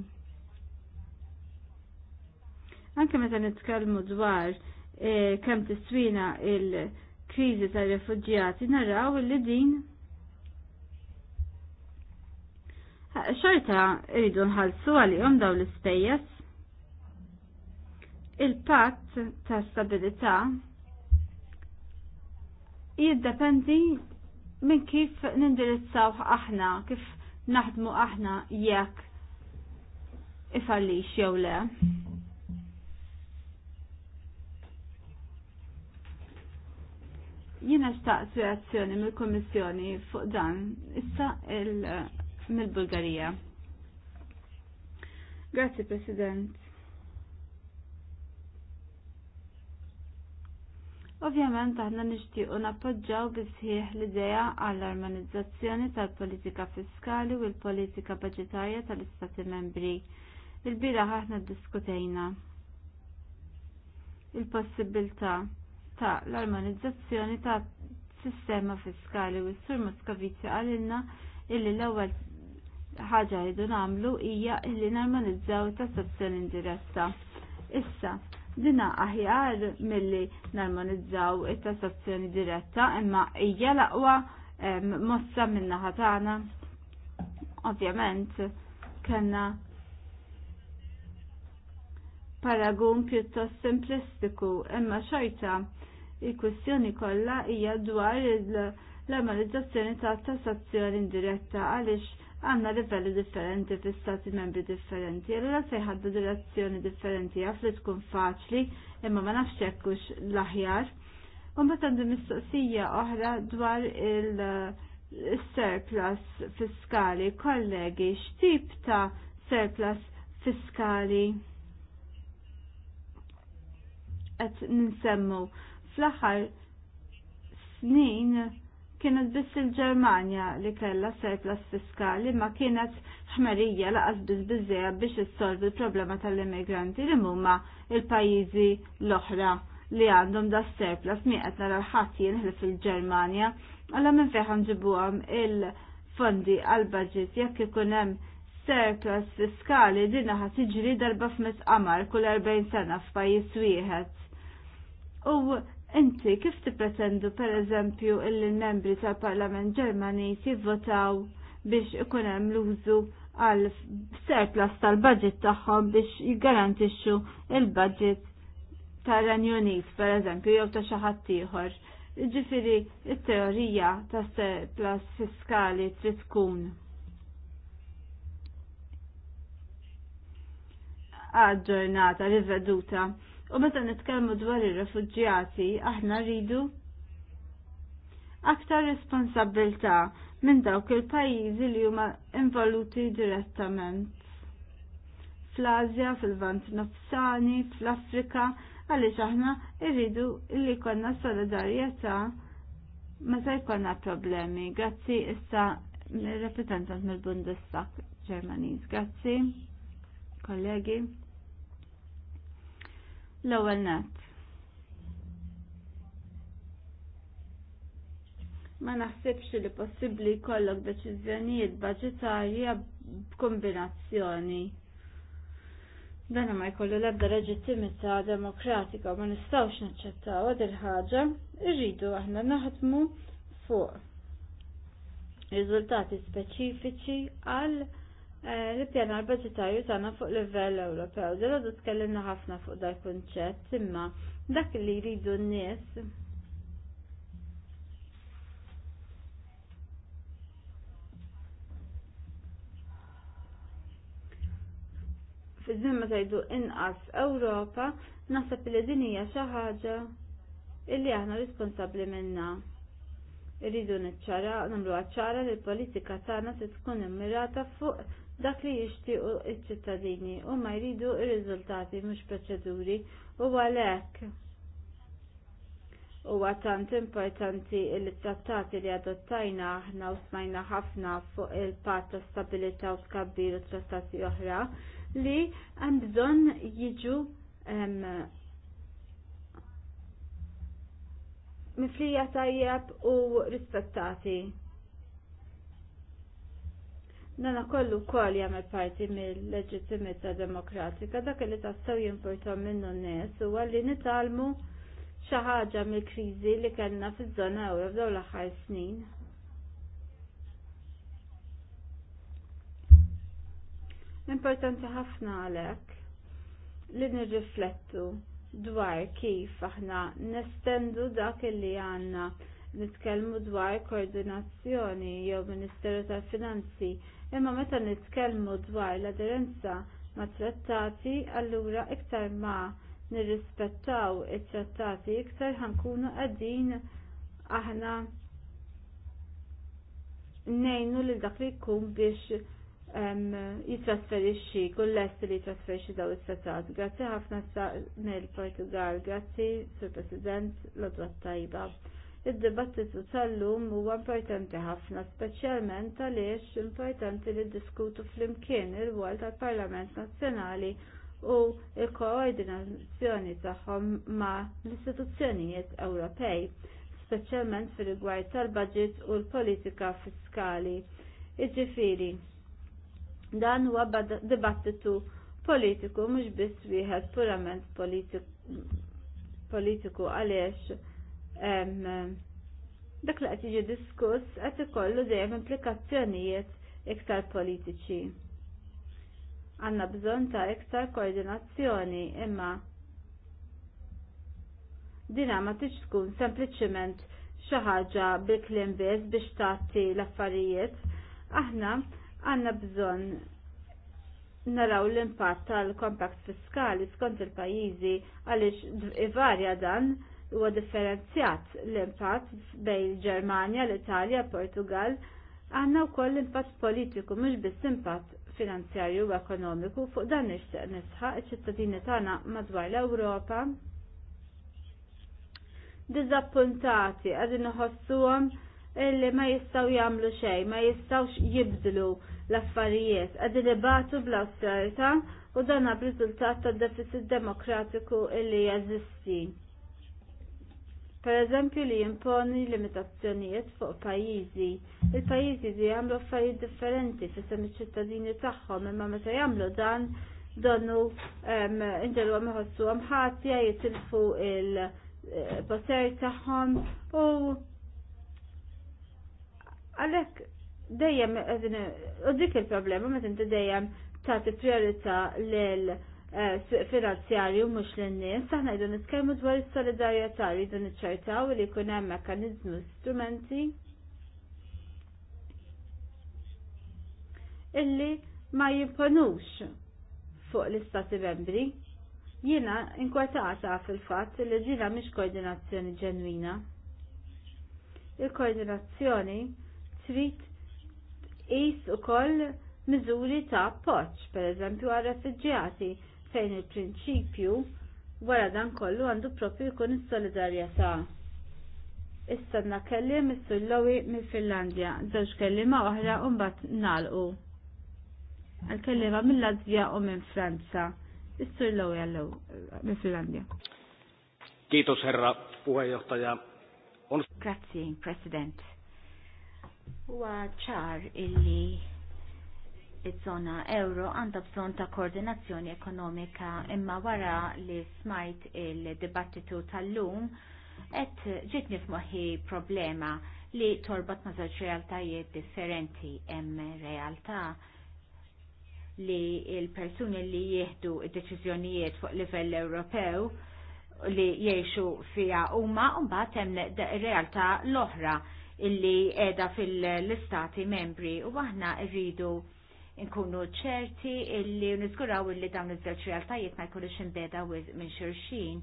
Anke meta nitkellmu dwar e, kemm tiswina il-kriżi tar-refuġjati naraw li din xorta rridu nħallsu għalihom dawn l-ispejjeż. Il-patt ta' stabilità jiddependi minn kif nindirizzaw aħna, kif naħdmu aħna jekk ifallix jew le. Jiena xtaqt reazzjoni mill-Kummissjoni fuq dan issa mill-Bulgarija. Grazie President. Ovvjament aħna nixtiequ nappoġġaw bisħieħ l-idea għall-armonizzazzjoni tal-politika fiskali u l-politika budġetarja tal-Istati membri. il bieraħ aħna ddiskutejna il-possibilità ta' l-armonizzazzjoni ta' sistema fiskali u s-sur Moskovizja għalinna illi l-ewwel ħaġa jridu nagħmlu hija illi narmonizzaw ta' sezzjoni indiretta. Issa, dina aħjar milli narmonizzaw it-tassazzjoni diretta imma hija laqwa mossa minna tagħna. Ovvjament kellna paragun pjuttost simplistiku imma xorta il-kwistjoni kollha hija dwar l-armonizzazzjoni ta' tassazzjoni diretta għaliex għanna livelli differenti fi stati membri differenti, allora se jħaddu direzzjoni differenti għaf li tkun faċli, imma ma nafxekkux l-aħjar. Un bat għandu mistoqsija oħra dwar il-surplus fiskali, kollegi, xtip ta' surplus fiskali għet ninsemmu fl-axar snin kienet biss il-Ġermanja li kellha surplus fiskali ma kienet ħmerija laqas biss biżejja biex issolvi l-problema tal-immigranti li huma il-pajjiżi l-oħra li għandhom da surplus mi qed nara l-ħadd jinħli fil-Ġermanja għalla minn fejn ħanġibuhom il-fondi għal-budget jekk ikun hemm surplus fiskali din ħad tiġri darba 5qamar kull 40 sena f'pajjiż wieħed. U Inti kif tippretendu per eżempju il-membri tal-Parlament Ġermaniż jivvotaw biex ikun hemm l-użu għal surplus tal-budget tagħhom biex jiggarantixxu il-budget tar-Renju Unit pereżempju jew ta' xi ħadd ieħor. Ġifieri t-teorija ta' surplus fiskali trid tkun. Għad riveduta U meta nitkellmu dwar ir-refuġjati, aħna rridu aktar responsabilità minn dawk il-pajjiżi li huma involuti direttament. Fl-Asja, fil-Vant Nofsani, fl-Afrika, għaliex aħna rridu li konna solidarjetà meta jkollna problemi. Grazzi issa reprezentant mill-Bundestag Ġermaniż. Grazzi, kollegi. L-ewwel nett. Ma naħsibx li possibbli jkollok deċiżjonijiet baġitarji b'kombinazzjoni. Dan ma jkollu l-ebda leġittimità demokratika ma nistgħux naċċettaw għad il-ħaġa, irridu aħna naħdmu fuq riżultati speċifiċi għal l-pjanar eh, budgetarju tagħna fuq livell Ewropew. Dilgħodu tkellimna ħafna fuq dal kunċett imma dak li jridu n-nies Fiż-żmien ma tgħidu inqas Ewropa, naħseb li din hija xi ħaġa illi aħna responsabbli minnha Irridu niċċara, nagħmluha ċara li l-politika tagħna se tkun immirata fuq dak li jixtiequ il ċittadini u ma jridu il riżultati mux proċeduri u għalek. huwa tant importanti li trattati li adottajna aħna u smajna ħafna fuq il-pat ta' stabilita u tkabbir u trattati oħra li għand bżon jiġu miflija tajjeb u rispettati. Nana kollu kol jagħmel parti mill-leġittimità demokratika dak li tassew jimportaw minnu n-nies u għalli nitalmu xi ħaġa mill-kriżi li kellna fiż-żona ewra f'dawn l-aħħar snin. Importanti ħafna għalhekk li nirriflettu dwar kif aħna nestendu dak li għandna nitkellmu dwar koordinazzjoni jew Ministeru tal-Finanzi, imma meta nitkellmu dwar l-aderenza ma' trattati, allura iktar ma' nirrispettaw it-trattati, iktar ħankunu qegħdin aħna nejnu li dak li jkun biex jitrasferixxi kull lest li jitrasferixxi daw il trattati Grazzi ħafna sa mill-Portugal, grazzi Sur President Lodwa Tajba. Id-dibattitu tal-lum huwa importanti ħafna, speċjalment għaliex importanti li diskutu fl-imkien il-wol tal-Parlament Nazzjonali u l koordinazzjoni tagħhom ma' l-istituzzjonijiet Ewropej, speċjalment fil-rigward tal-budget u l-politika fiskali. Iġifieri, dan huwa dibattitu politiku mhux biss wieħed purament politiku għaliex dak li qed jiġi diskuss qed ikollu dejjem implikazzjonijiet iktar politiċi. Għandna bżonn ta' iktar koordinazzjoni imma dina ma tiġ tkun sempliċement xi ħaġa bi kliem biss biex tagħti l-affarijiet, aħna għandna bżonn naraw l-impatt tal-kompakt fiskali skont il-pajjiżi għaliex ivarja dan huwa differenzjat l-impatt bejn Ġermanja, l-Italja, Portugal għandna wkoll impatt politiku mhux biss impatt finanzjarju u ekonomiku fuq dan nixtieq nisħaq iċ-ċittadini tagħna madwar l-Ewropa diżappuntati għadin nħossuhom illi ma jistaw jamlu xej, ma jistaw jibdlu l-affarijiet, għadin ibatu bl-austerita u dan għab rizultat ta' deficit demokratiku illi jazisti. Per eżempju li jimponi limitazzjonijiet fuq pajjiżi. Il-pajjiżi li jagħmlu affarijiet differenti fis-sem iċ-ċittadini tagħhom imma meta jagħmlu dan donnu inġelu għam iħossu għam ħatja jitilfu il-poter tagħhom u għalek dejjem u dik il-problema ma tinti dejjem tagħti priorità lil Eh, finanzjarju mhux lin-nies, aħna jdu nitkellmu dwar is-solidarjetà jridu niċċertaw li jkun hemm mekkaniżmu strumenti illi ma jimponux fuq l-istati membri. Jiena inkwetata fil-fatt li ġina mhix koordinazzjoni ġenwina. Il-koordinazzjoni trid qis ukoll miżuri ta' appoġġ, pereżempju għal refuġġjati fejn il-prinċipju wara dan kollu għandu propju jkun is-solidarjetà. Issa na kellim is-sullowi minn Finlandja, żewġ kellima oħra u mbagħad nagħlqu. Għal-kellima minn Latvja u minn Franza. Is-sullowi għallew minn Finlandja. Kiitos herra puheenjohtaja. On... Grazie, President. Wa ċar illi iż-żona euro għandha bżonn ta' koordinazzjoni ekonomika imma wara li smajt il-dibattitu tal-lum qed ġitni f'moħħi problema li torbot ma' żewġ realtajiet differenti hemm realtà li il-persuni li jieħdu id-deċiżjonijiet fuq livell Ewropew li jiexu fija huma mbagħad hemm realtà l-oħra illi qiegħda fil istati membri u aħna rridu Inkunu ċerti illi niskuraw illi dawn iż-żewġ realtajiet ma jkunux imbeda minn xulxin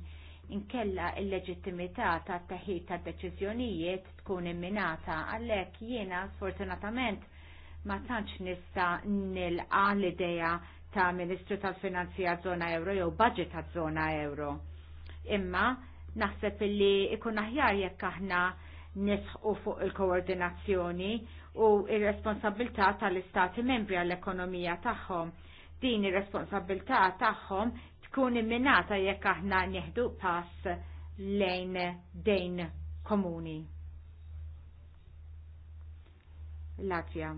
inkella il-leġittimità ta' teħid ta' deċiżjonijiet tkun imminata għalhekk jiena sfortunatament ma tantx nista' nilqa l-idea ta' Ministru tal-Finanzija żona euro jew budget ta' żona euro. Imma naħseb illi ikun aħjar jekk aħna nisħu fuq il-koordinazzjoni u ir-responsabilità tal-istati membri għall-ekonomija tagħhom. Din ir-responsabilità tagħhom tkun imminata jekk aħna nieħdu pass lejn dejn komuni. Latvja.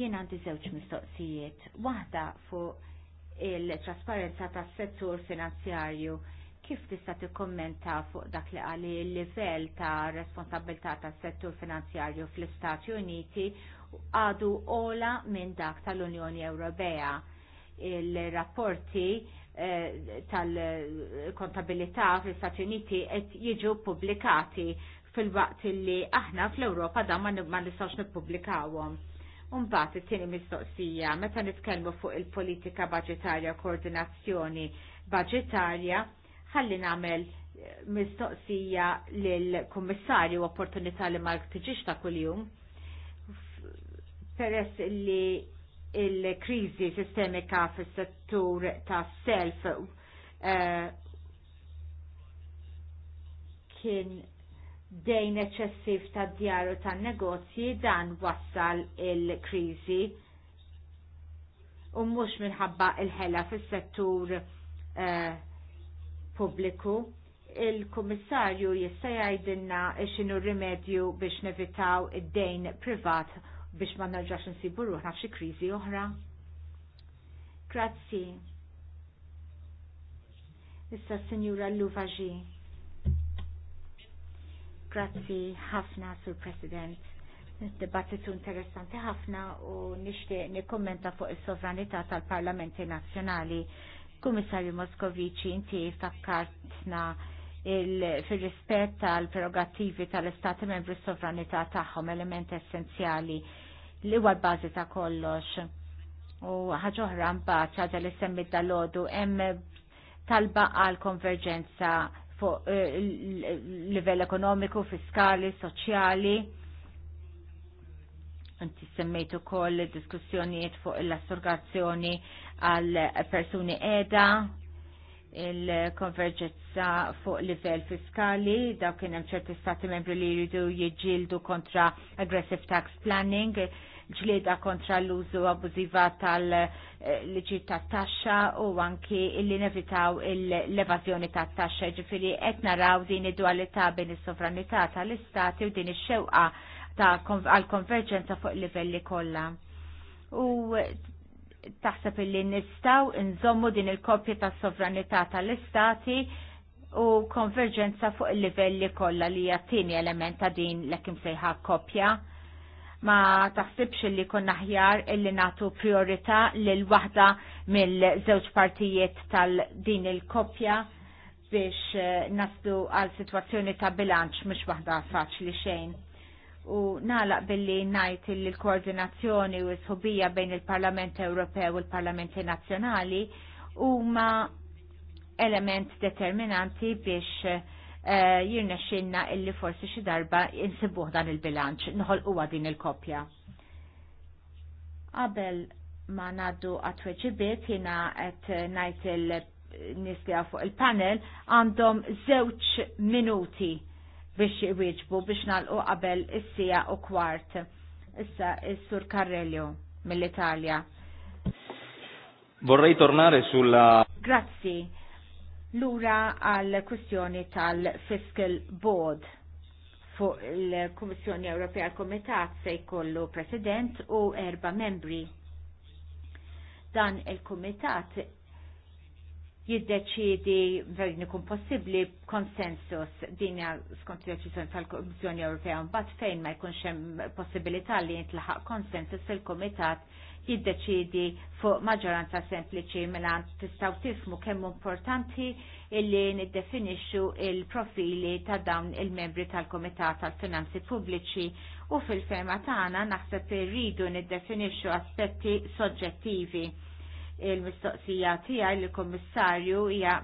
Jien għandi żewġ mistoqsijiet, waħda fuq il-trasparenza tas-settur finanzjarju Kif tista' tikkommenta fuq dak li għali l-livell ta' responsabilità tas settur finanzjarju fl-Istati Uniti għadu ola minn dak tal-Unjoni Ewropea? Il-rapporti eh, tal-kontabilità fl-Istati Uniti qed jiġu pubblikati fil-waqt li aħna fl-Ewropa da ma nistgħux nippubblikawhom. Umbat, it-tieni mistoqsija, meta nitkellmu fuq il-politika budgetarja koordinazzjoni budgetarja, ħalli nagħmel eh, mistoqsija lill-Kummissarju opportunità li ma tiġix ta' kuljum peress li il-kriżi sistemika fis-settur ta' self eh, kien dejn eċessiv ta' djaru ta' negozji dan wassal il-krizi u mux minħabba il-ħela fis settur uh, eh, pubbliku il-Kummissarju jista' jgħidilna x'inhu rimedju biex nevitaw id-dejn privat biex ma nerġax insibu ruħna f'xi kriżi oħra. Grazzi. Issa Sinjura Luvaġi. Grazzi ħafna, Sur President. Dibattitu interessanti ħafna u nixtieq nikkommenta fuq is-sovranità tal-Parlamenti Nazzjonali Kummissarju Moskovici, inti fakkartna fil-rispett tal prerogativi tal-Istati membri sovranità tagħhom element essenzjali li huwa l-bażi ta' kollox. U ħaġa oħra mbagħad ċaġa li semmi dalodu hemm talba għal konverġenza fuq eh, livell ekonomiku, fiskali, soċjali. Inti semmejtu koll diskussjonijiet fuq l-assurgazzjoni għal persuni edha, il-konverġenza fuq livell fiskali, daw kien hemm ċerti stati membri li jridu jiġġieldu kontra aggressive tax planning, ġlieda kontra l-użu abużiva tal-liġi tat-taxxa u anki illi nevitaw l-evażjoni tat-taxxa, ġifieri qed naraw din id-dualità bejn is-sovranità tal-istati u din ix-xewqa għal konverġenza fuq livelli kollha. U taħseb illi nistaw nżommu din il-kopja ta' sovranità tal-istati u konverġenza fuq il-livelli kollha li hija tieni element ta' din l-ekim sejħa kopja. Ma taħsibx li konna ħjar illi natu priorità lil waħda mill-żewġ partijiet tal-din il-kopja biex eh, naslu għal situazzjoni ta' bilanċ mhux waħda faċli xejn u nalaq billi najt li l-koordinazzjoni u s-hubija bejn il-Parlament Ewropew u l-Parlamenti Nazzjonali huma element determinanti biex uh, jirnexxinna illi forsi xi darba insibuh dan il-bilanċ, uwa din il-kopja. Qabel ma ngħaddu għat-tweġibiet jiena qed ngħid il-nisbija fuq il-panel għandhom żewġ minuti biex iwieġbu biex nalqu qabel is-sija u kwart. Issa is-Sur Carrello mill-Italja. Vorrei tornare sulla Grazzi. Lura għal kwistjoni tal-Fiscal Board fuq il-Kummissjoni Ewropea l-Komitat se jkollu President u erba membri. Dan il-Kumitat jiddeċidi veri nikun possibbli konsensus din skont deċizjoni tal komissjoni Ewropea mbagħad fejn ma jkunx hemm possibilità li jintlaħaq konsensus fil kumitat jiddeċidi fuq maġġoranza sempliċi mingħand mela tistgħu tifmu kemm importanti illi niddefinixxu il-profili ta' dawn il-membri tal-Kumitat tal-Finanzi Pubbliċi u fil-ferma tagħna naħseb irridu niddefinixxu aspetti soġġettivi il-mistoqsija tiegħi lill kummissarju hija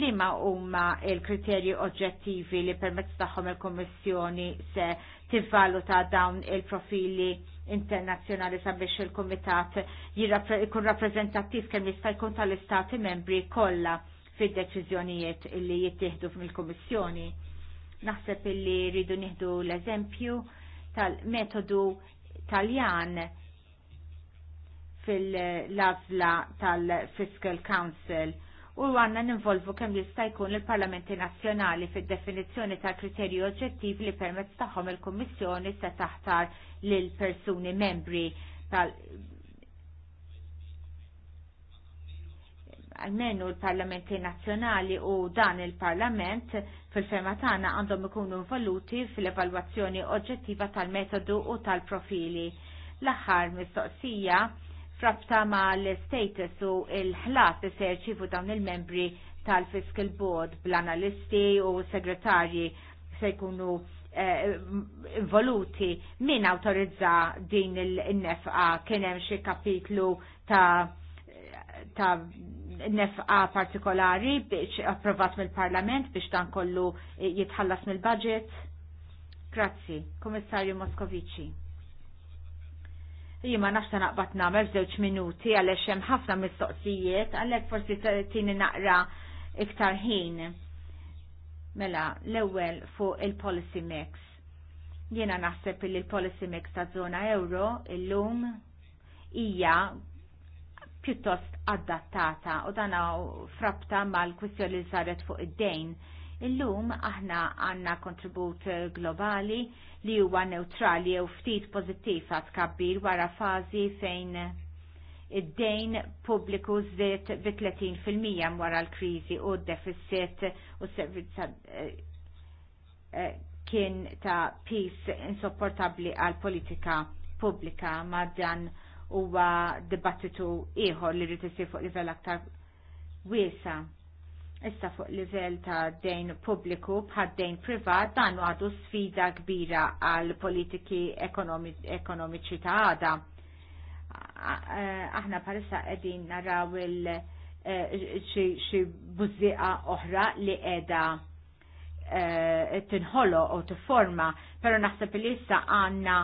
li ma huma il-kriterji oġġettivi li permezz tagħhom il-Kummissjoni se tivvaluta dawn il-profili internazzjonali sabiex il-Kumitat jikun rappreżentattiv kemm jista' jkun tal-Istati membri kollha fid-deċiżjonijiet li jittieħdu mill-Kummissjoni. Naħseb illi rridu nieħdu l-eżempju tal-metodu Taljan fil-lazla tal-Fiscal Council u għanna ninvolvu kem jista' jkun il-Parlamenti Nazzjonali fid-definizzjoni ta' kriterji oġġettiv li permezz tagħhom il-Kummissjoni se taħtar lil persuni membri tal għalmenu l-parlamenti nazzjonali u dan il-parlament fil-ferma tagħna għandhom ikunu involuti fil-evalwazzjoni oġġettiva tal-metodu u tal-profili. L-aħħar mistoqsija frabta ma l-status u il-ħlas li se jirċivu dawn il-membri tal-Fiscal Board bl-analisti u segretarji se jkunu eh, involuti min autorizza din il-nefqa kienem xie kapitlu ta' ta' nefqa partikolari biex approvat mill-parlament biex dan kollu jitħallas mill-budget. Grazzi, Komissarju Moskovici. Jima naxta naqbat namel żewġ minuti għaliex hemm ħafna mistoqsijiet għalhekk forsi tini naqra iktar ħin. Mela, l-ewwel fuq il-policy mix. Jiena naħseb li l-policy mix ta' żona euro illum hija pjuttost adattata u dan frabta mal-kwistjoni li saret fuq id-dejn. Illum aħna għanna kontribut globali li huwa neutrali jew ftit pożittiv għat kabbir wara fażi fejn id-dejn pubbliku żiet bi 30% wara l-kriżi u d-deficit u servizza eh, eh, kien ta' pis insopportabli għal politika pubblika ma' dan huwa dibattitu ieħor li rrid isir fuq livell aktar wiesa' Issa fuq livell ta' dejn pubbliku bħad dejn privat dan għadu sfida kbira għal politiki ekonomiċi ta' għada. Aħna parissa qegħdin naraw il e, xi bużieqa oħra li qiegħda e, tinħolo u tifforma, però naħseb li issa għandna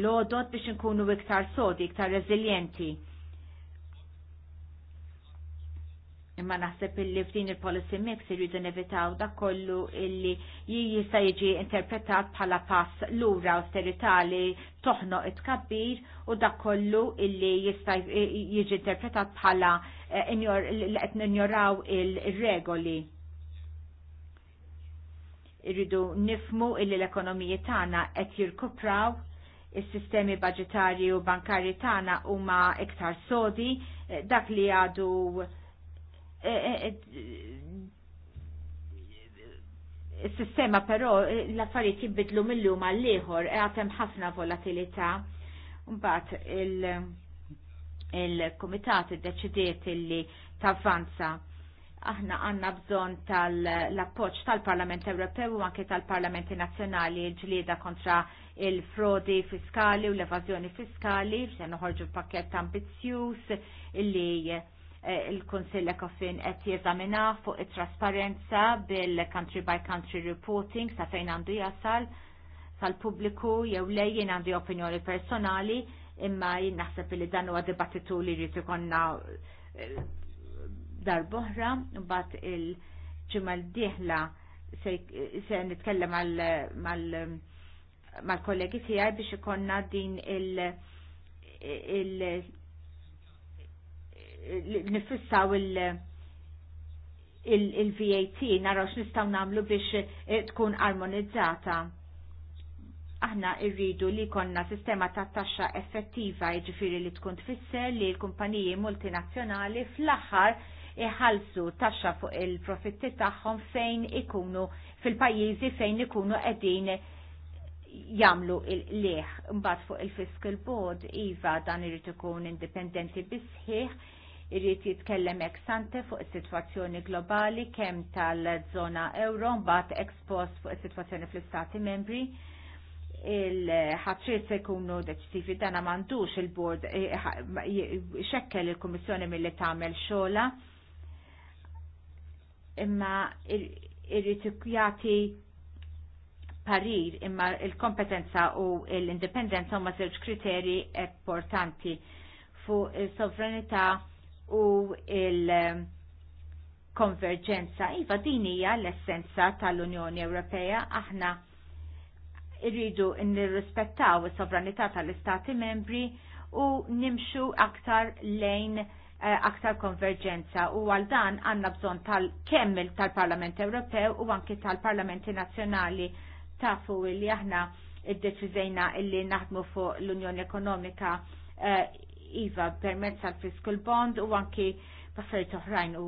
l-odot biex nkunu iktar sodi, iktar reżiljenti imma naħseb illi f'din il-policy mix irridu nevitaw da kollu illi jista' jiġi interpretat bħala pass lura austerità li toħno it-kabbir u da kollu illi jista' jiġi interpretat bħala eh, qed ninjoraw il-regoli. Irridu nifmu illi l-ekonomiji tagħna qed jirkupraw is-sistemi budgetari u bankarji tagħna huma iktar sodi eh, dak li għadu Eh, eh, eh, Is-sistema però l-affarijiet jibidlu mill-lum għall-ieħor għatem ħafna volatilità. Mbagħad il-kumitat iddeċidiet illi tavvanza aħna għanna bżon tal appoġġ tal-Parlament Ewropew u anke tal-Parlamenti Nazzjonali ġlieda kontra il-frodi fiskali u l-evazjoni fiskali, f'sen noħorġu pakket ambizzjuż illi Eh, il-Konsilla Kofin qed jeżamina fuq it-trasparenza bil-country by country reporting sa fejn għandu jasal tal-pubbliku jew jien għandu opinjoni personali imma naħseb li dan huwa dibattitu li jrid ikonna eh, darboħra mbagħad il-ġimgħa d-dieħla se nitkellem mal-kollegi tiegħi biex ikonna din il- nifissaw il- il-VAT naraw nistaw nagħmlu biex eh, tkun armonizzata. Aħna rridu li konna sistema ta' taxxa effettiva jiġifieri li tkun tfisser li l-kumpaniji multinazzjonali fl-aħħar iħalsu taxxa fuq il-profitti tagħhom fejn ikunu fil-pajjiżi fejn ikunu qegħdin jamlu il-leħ mbagħad fuq il-fiscal board iva dan irid ikun indipendenti bisħiħ irrid jitkellem eksante fuq is-sitwazzjoni globali kemm tal-żona euro mbagħad ekspost fuq is-sitwazzjoni fl-istati membri il-ħatrit se jkunu deċisivi dana mandux il-bord eh, xekkel il kummissjoni mill-li tagħmel xogħla imma irrid jagħti parir imma il-kompetenza u l-indipendenza huma żewġ kriteri importanti fuq is-sovranità u il- konverġenza. Iva din hija l-essenza tal-Unjoni Ewropea aħna irridu nirrispettaw is-sovranità tal-Istati membri u nimxu aktar lejn eh, aktar konverġenza u għal dan għanna bżon tal-kemmil tal-Parlament Ewropew u anki tal-Parlamenti Nazzjonali tafu li aħna id-deċizejna illi naħdmu fuq l-Unjoni Ekonomika eh, Iva permezz tal fiscal bond u anki passarit oħrajn u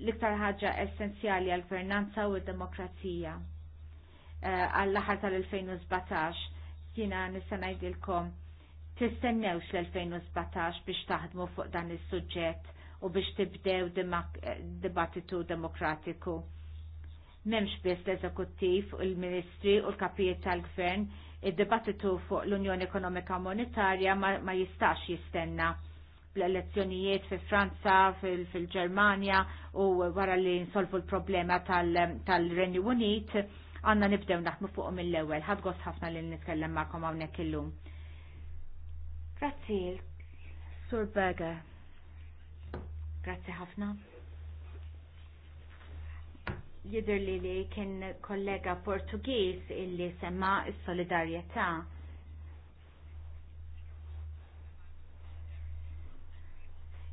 l-iktar ħaġa essenzjali għal-gvernanza u demokrazija eh, għall-aħar tal-2017 jina nistanajdilkom tistennewx l-2017 biex taħdmu fuq dan is suġġett u biex tibdew dibattitu demokratiku. Memx biss l-eżekuttiv u l-ministri u l-kapijiet tal-gvern id-dibattitu fuq l-Unjoni Ekonomika Monetarja ma, ma jistax jistenna l-elezzjonijiet fi Franza, fil-Germania fil u wara li nsolvu l-problema tal-Renju tal Unit, għanna nibdew naħmu fuq mill-ewel. għos ħafna li nitkellem ma'kom hawnhekk illum. Grazzi, Sur Berger. Grazzi ħafna jidr li li kien kollega Portugis illi semma il-solidarieta.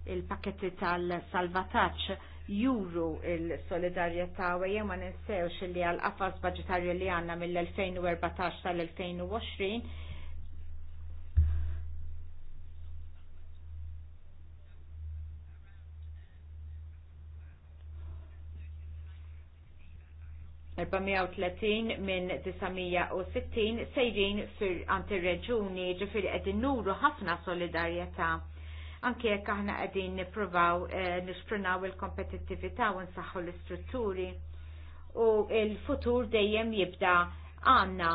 Il-paketti tal-salvataċ juru il-solidarieta u jema ninsewx li għal-qafas budgetarju li għanna mill-2014 tal-2020 430 minn 960 sejrin fir anti reġuni ġifiri qegħdin nuru ħafna solidarjetà. Anke jekk aħna qegħdin nippruvaw eh, nisprunaw il-kompetittività u nsaħħu l-istrutturi u il-futur dejjem jibda għanna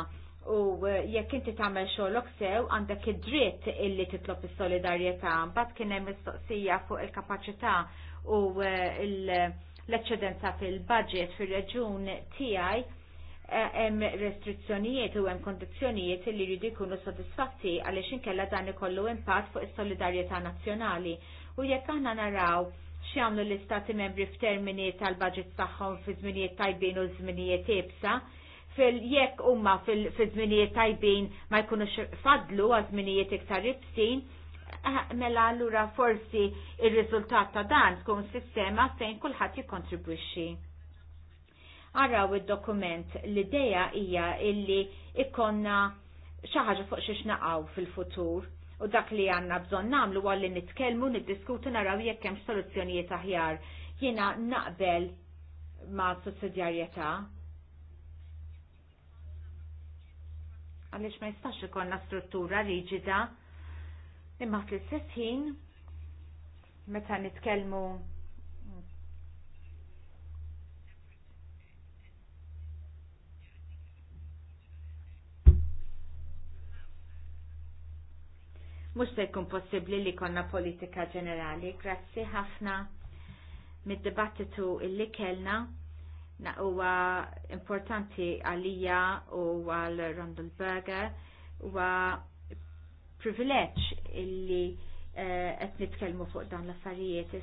u eh, jekk inti tagħmel xogħlok sew għandek id-dritt illi titlob is-solidarjetà. Mbagħad kien hemm mistoqsija fuq il-kapaċità u eh, il- l-eċċedenza fil-budget fir-reġun tiegħi hemm restrizzjonijiet u hemm kondizzjonijiet li jridu jkunu sodisfatti għaliex inkella dan ikollu impatt fuq is-solidarjetà nazzjonali. U jekk aħna naraw x'jagħmlu l-istati membri f'termini tal-budget tagħhom fi żminijiet tajbin u żminijiet ibsa, fil-jekk huma fil-żminijiet tajbin ma jkunux fadlu għal żminijiet iktar ibsin, Ah, mela allura forsi il riżultat ta' dan tkun sistema fejn kulħadd jikkontribwixxi. Araw id-dokument l-idea hija illi ikonna xi ħaġa fuq xiex naqgħu fil-futur u dak li għanna bżon namlu għalli nitkelmu, niddiskutu naraw jekk hemm soluzzjonijiet aħjar. Jiena naqbel ma' sussidjarjetà. Għaliex ma jistax ikollna struttura riġida Imma fl-istess ħin, meta nitkellmu mux se jkun possibli li konna politika ġenerali. Grazzi ħafna mid-dibattitu illi kellna na huwa importanti għalija u għal Randall Berger huwa privileġġ illi eh, qed nitkellmu fuq dawn l-affarijiet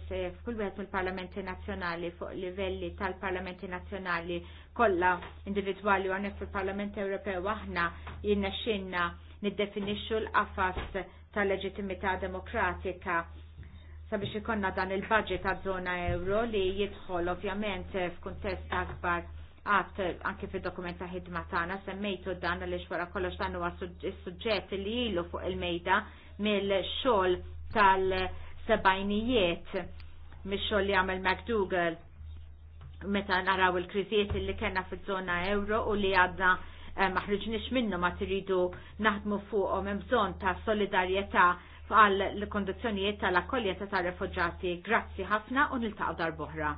kull wieħed mill-parlamenti nazzjonali fuq livelli tal-parlamenti nazzjonali kollha individwali u għandek fil-Parlament Ewropew aħna jinnexxinna niddefinixxu l-qafas tal-leġittimità demokratika sabiex ikonna dan il-budget ta' żona euro li jidħol ovvjament f'kuntest akbar għat anki fil dokumenta ħidma tagħna semmejtu dan li wara kollox dan huwa suġġett li ilu fuq il-mejda mill-xogħol tal-sebajnijiet mix-xogħol li għamel McDougall meta naraw il-kriżijiet li kellna fiż-żona euro u li għadna eh, maħriġniex minnu ma tridu naħdmu fuqhom hemm bżonn ta' solidarjetà għal l kondizjonijiet tal-akkoljenza tar refuġati Grazzi ħafna u niltaqgħu darb'oħra.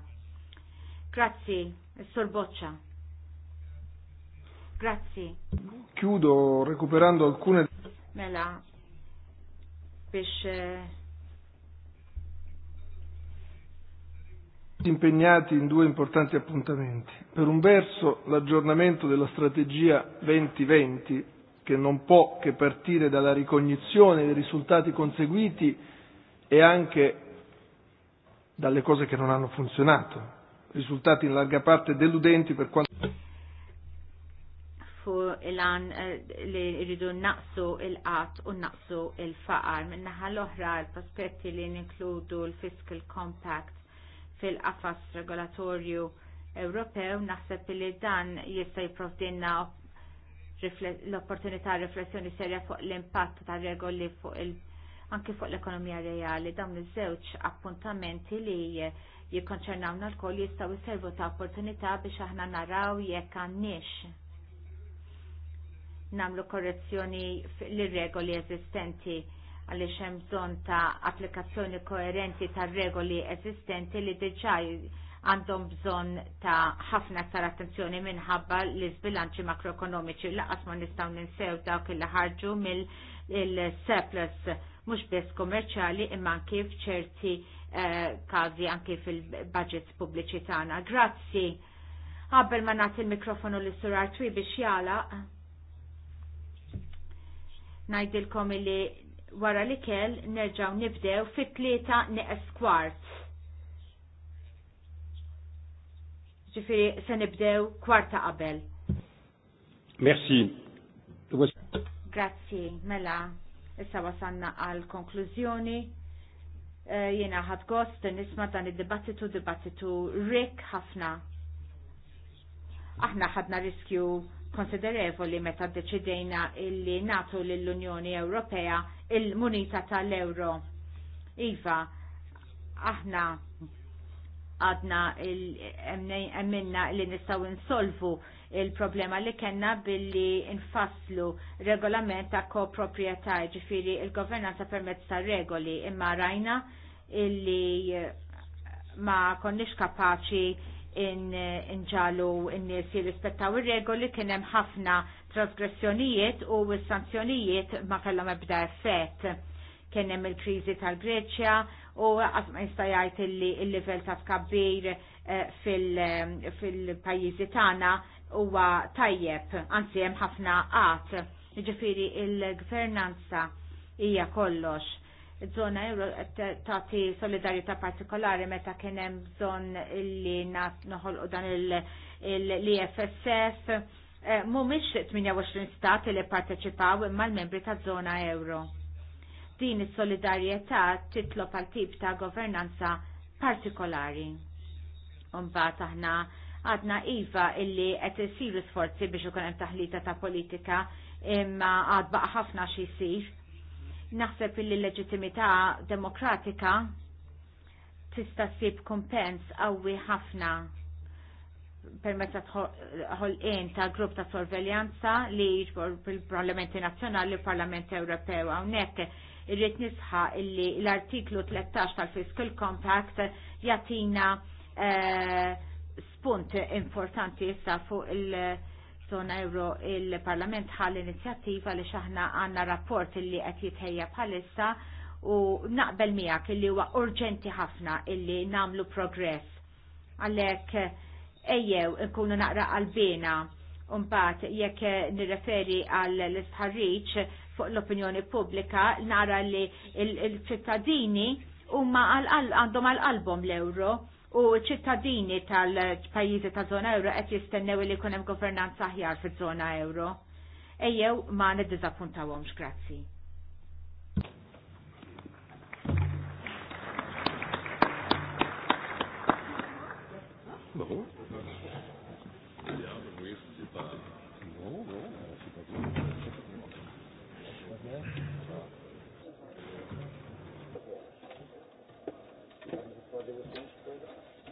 Grazzi. Sorboċċa. Grazie. Chiudo recuperando alcune. Mela, pesce. Eh, impegnati in due importanti appuntamenti. Per un verso l'aggiornamento della strategia 2020, che non può che partire dalla ricognizione dei risultati conseguiti e anche dalle cose che non hanno funzionato, risultati in larga parte deludenti per quanto fu il an eh, li rridu naqsu il-qat u naqsu il-faqar. Minnaħa l-oħra l-prospetti li ninkludu l-Fiscal Compact fil-qafas regolatorju Ewropew naħseb li dan jista' jipprovdinna l-opportunità riflessjoni serja fuq l-impatt ta' regoli fuq il- anki fuq l-ekonomija reali dawn iż-żewġ appuntamenti li jikkonċernawna l-koll jistaw jiservu ta' opportunità biex aħna naraw jekk għanniex. namlu korrezzjoni l-regoli eżistenti għaliex hemm bżonn ta' applikazzjoni koerenti tar regoli eżistenti li diġà għandhom bżonn ta' ħafna aktar attenzjoni minħabba l sbilanċi makroekonomiċi laqas ma nistgħu ninsew dawk il ħarġu mill-surplus mhux biss kummerċjali imma kif ċerti Eh, kazi anki fil budget pubbliċi tagħna. Grazzi. Qabel ma nagħti il-mikrofonu l sur Artwi biex jalaq. Ngħidilkom li wara li kell nerġgħu nibdew fit-tlieta neqes kwart. Ġifieri se nibdew kwarta qabel. Merci. Grazzi, mela. Issa wasanna għal konklużjoni. Eh, Jena ħad gost nisma dan id-dibattitu, dibattitu rik ħafna. Aħna ħadna riskju konsiderevoli meta deċidejna illi natu l-Unjoni Ewropea il-munita tal-euro. Iva, aħna għadna emminna li nistaw insolvu il-problema li kena billi infaslu regolament ta' koproprietà ġifiri il-governanza permezz ta' regoli imma rajna illi eh, ma konniex kapaċi eh, inġalu in n-nies jirrispettaw ir-regoli kien hemm ħafna trasgressjonijiet u s-sanzjonijiet ma kellhom ebda effett. Kien hemm il-kriżi tal-Greċja u qatt ma jista' jgħid li l-livell ta' tkabbir eh, fil-pajjiżi tagħna huwa tajjeb, anzi hemm ħafna qat. Ġifiri il-gvernanza hija kollox. Zona euro tagħti solidarjetà partikolari meta kien hemm bżonn li noħolqu dan l-IFSF. Eh, mhumiex 28 stat li parteċipaw imma l-membri ta' zona euro. Din is-solidarjetà titlob għal tip ta' governanza partikolari. Umbat aħna għadna iva illi qed isiru sforzi biex u hemm taħlita ta' politika imma għad baqa' ħafna xi jsir. Naħseb illi leġitimita demokratika tista' ssib kumpens qawwi ħafna tħol ħolqien ta' grupp ta' sorveljanza li jiġbor bil-Parlamenti Nazzjonali u Parlament Ewropew hawnhekk irrid nisħa illi l-artiklu 13 tal-Fiscal Compact jatina eh, spunt importanti issa fuq il-zona euro il-parlament ħal inizjattiva li xaħna għanna rapport li qed jitħejja bħalissa u naqbel miegħek li huwa urġenti ħafna illi namlu progress. Għalhekk ejjew nkunu naqra qalbina mbagħad jekk nirreferi għal l-istħarriċ fuq l-opinjoni pubblika, nara li l-ċittadini huma għandhom għal-qalbhom l-euro u ċittadini tal-pajjiżi ta' zona euro qed jistennew li jkun hemm governanza aħjar fiż-żona euro. Ejjew ma niddiżappuntawhomx, grazzi. Mm-hmm.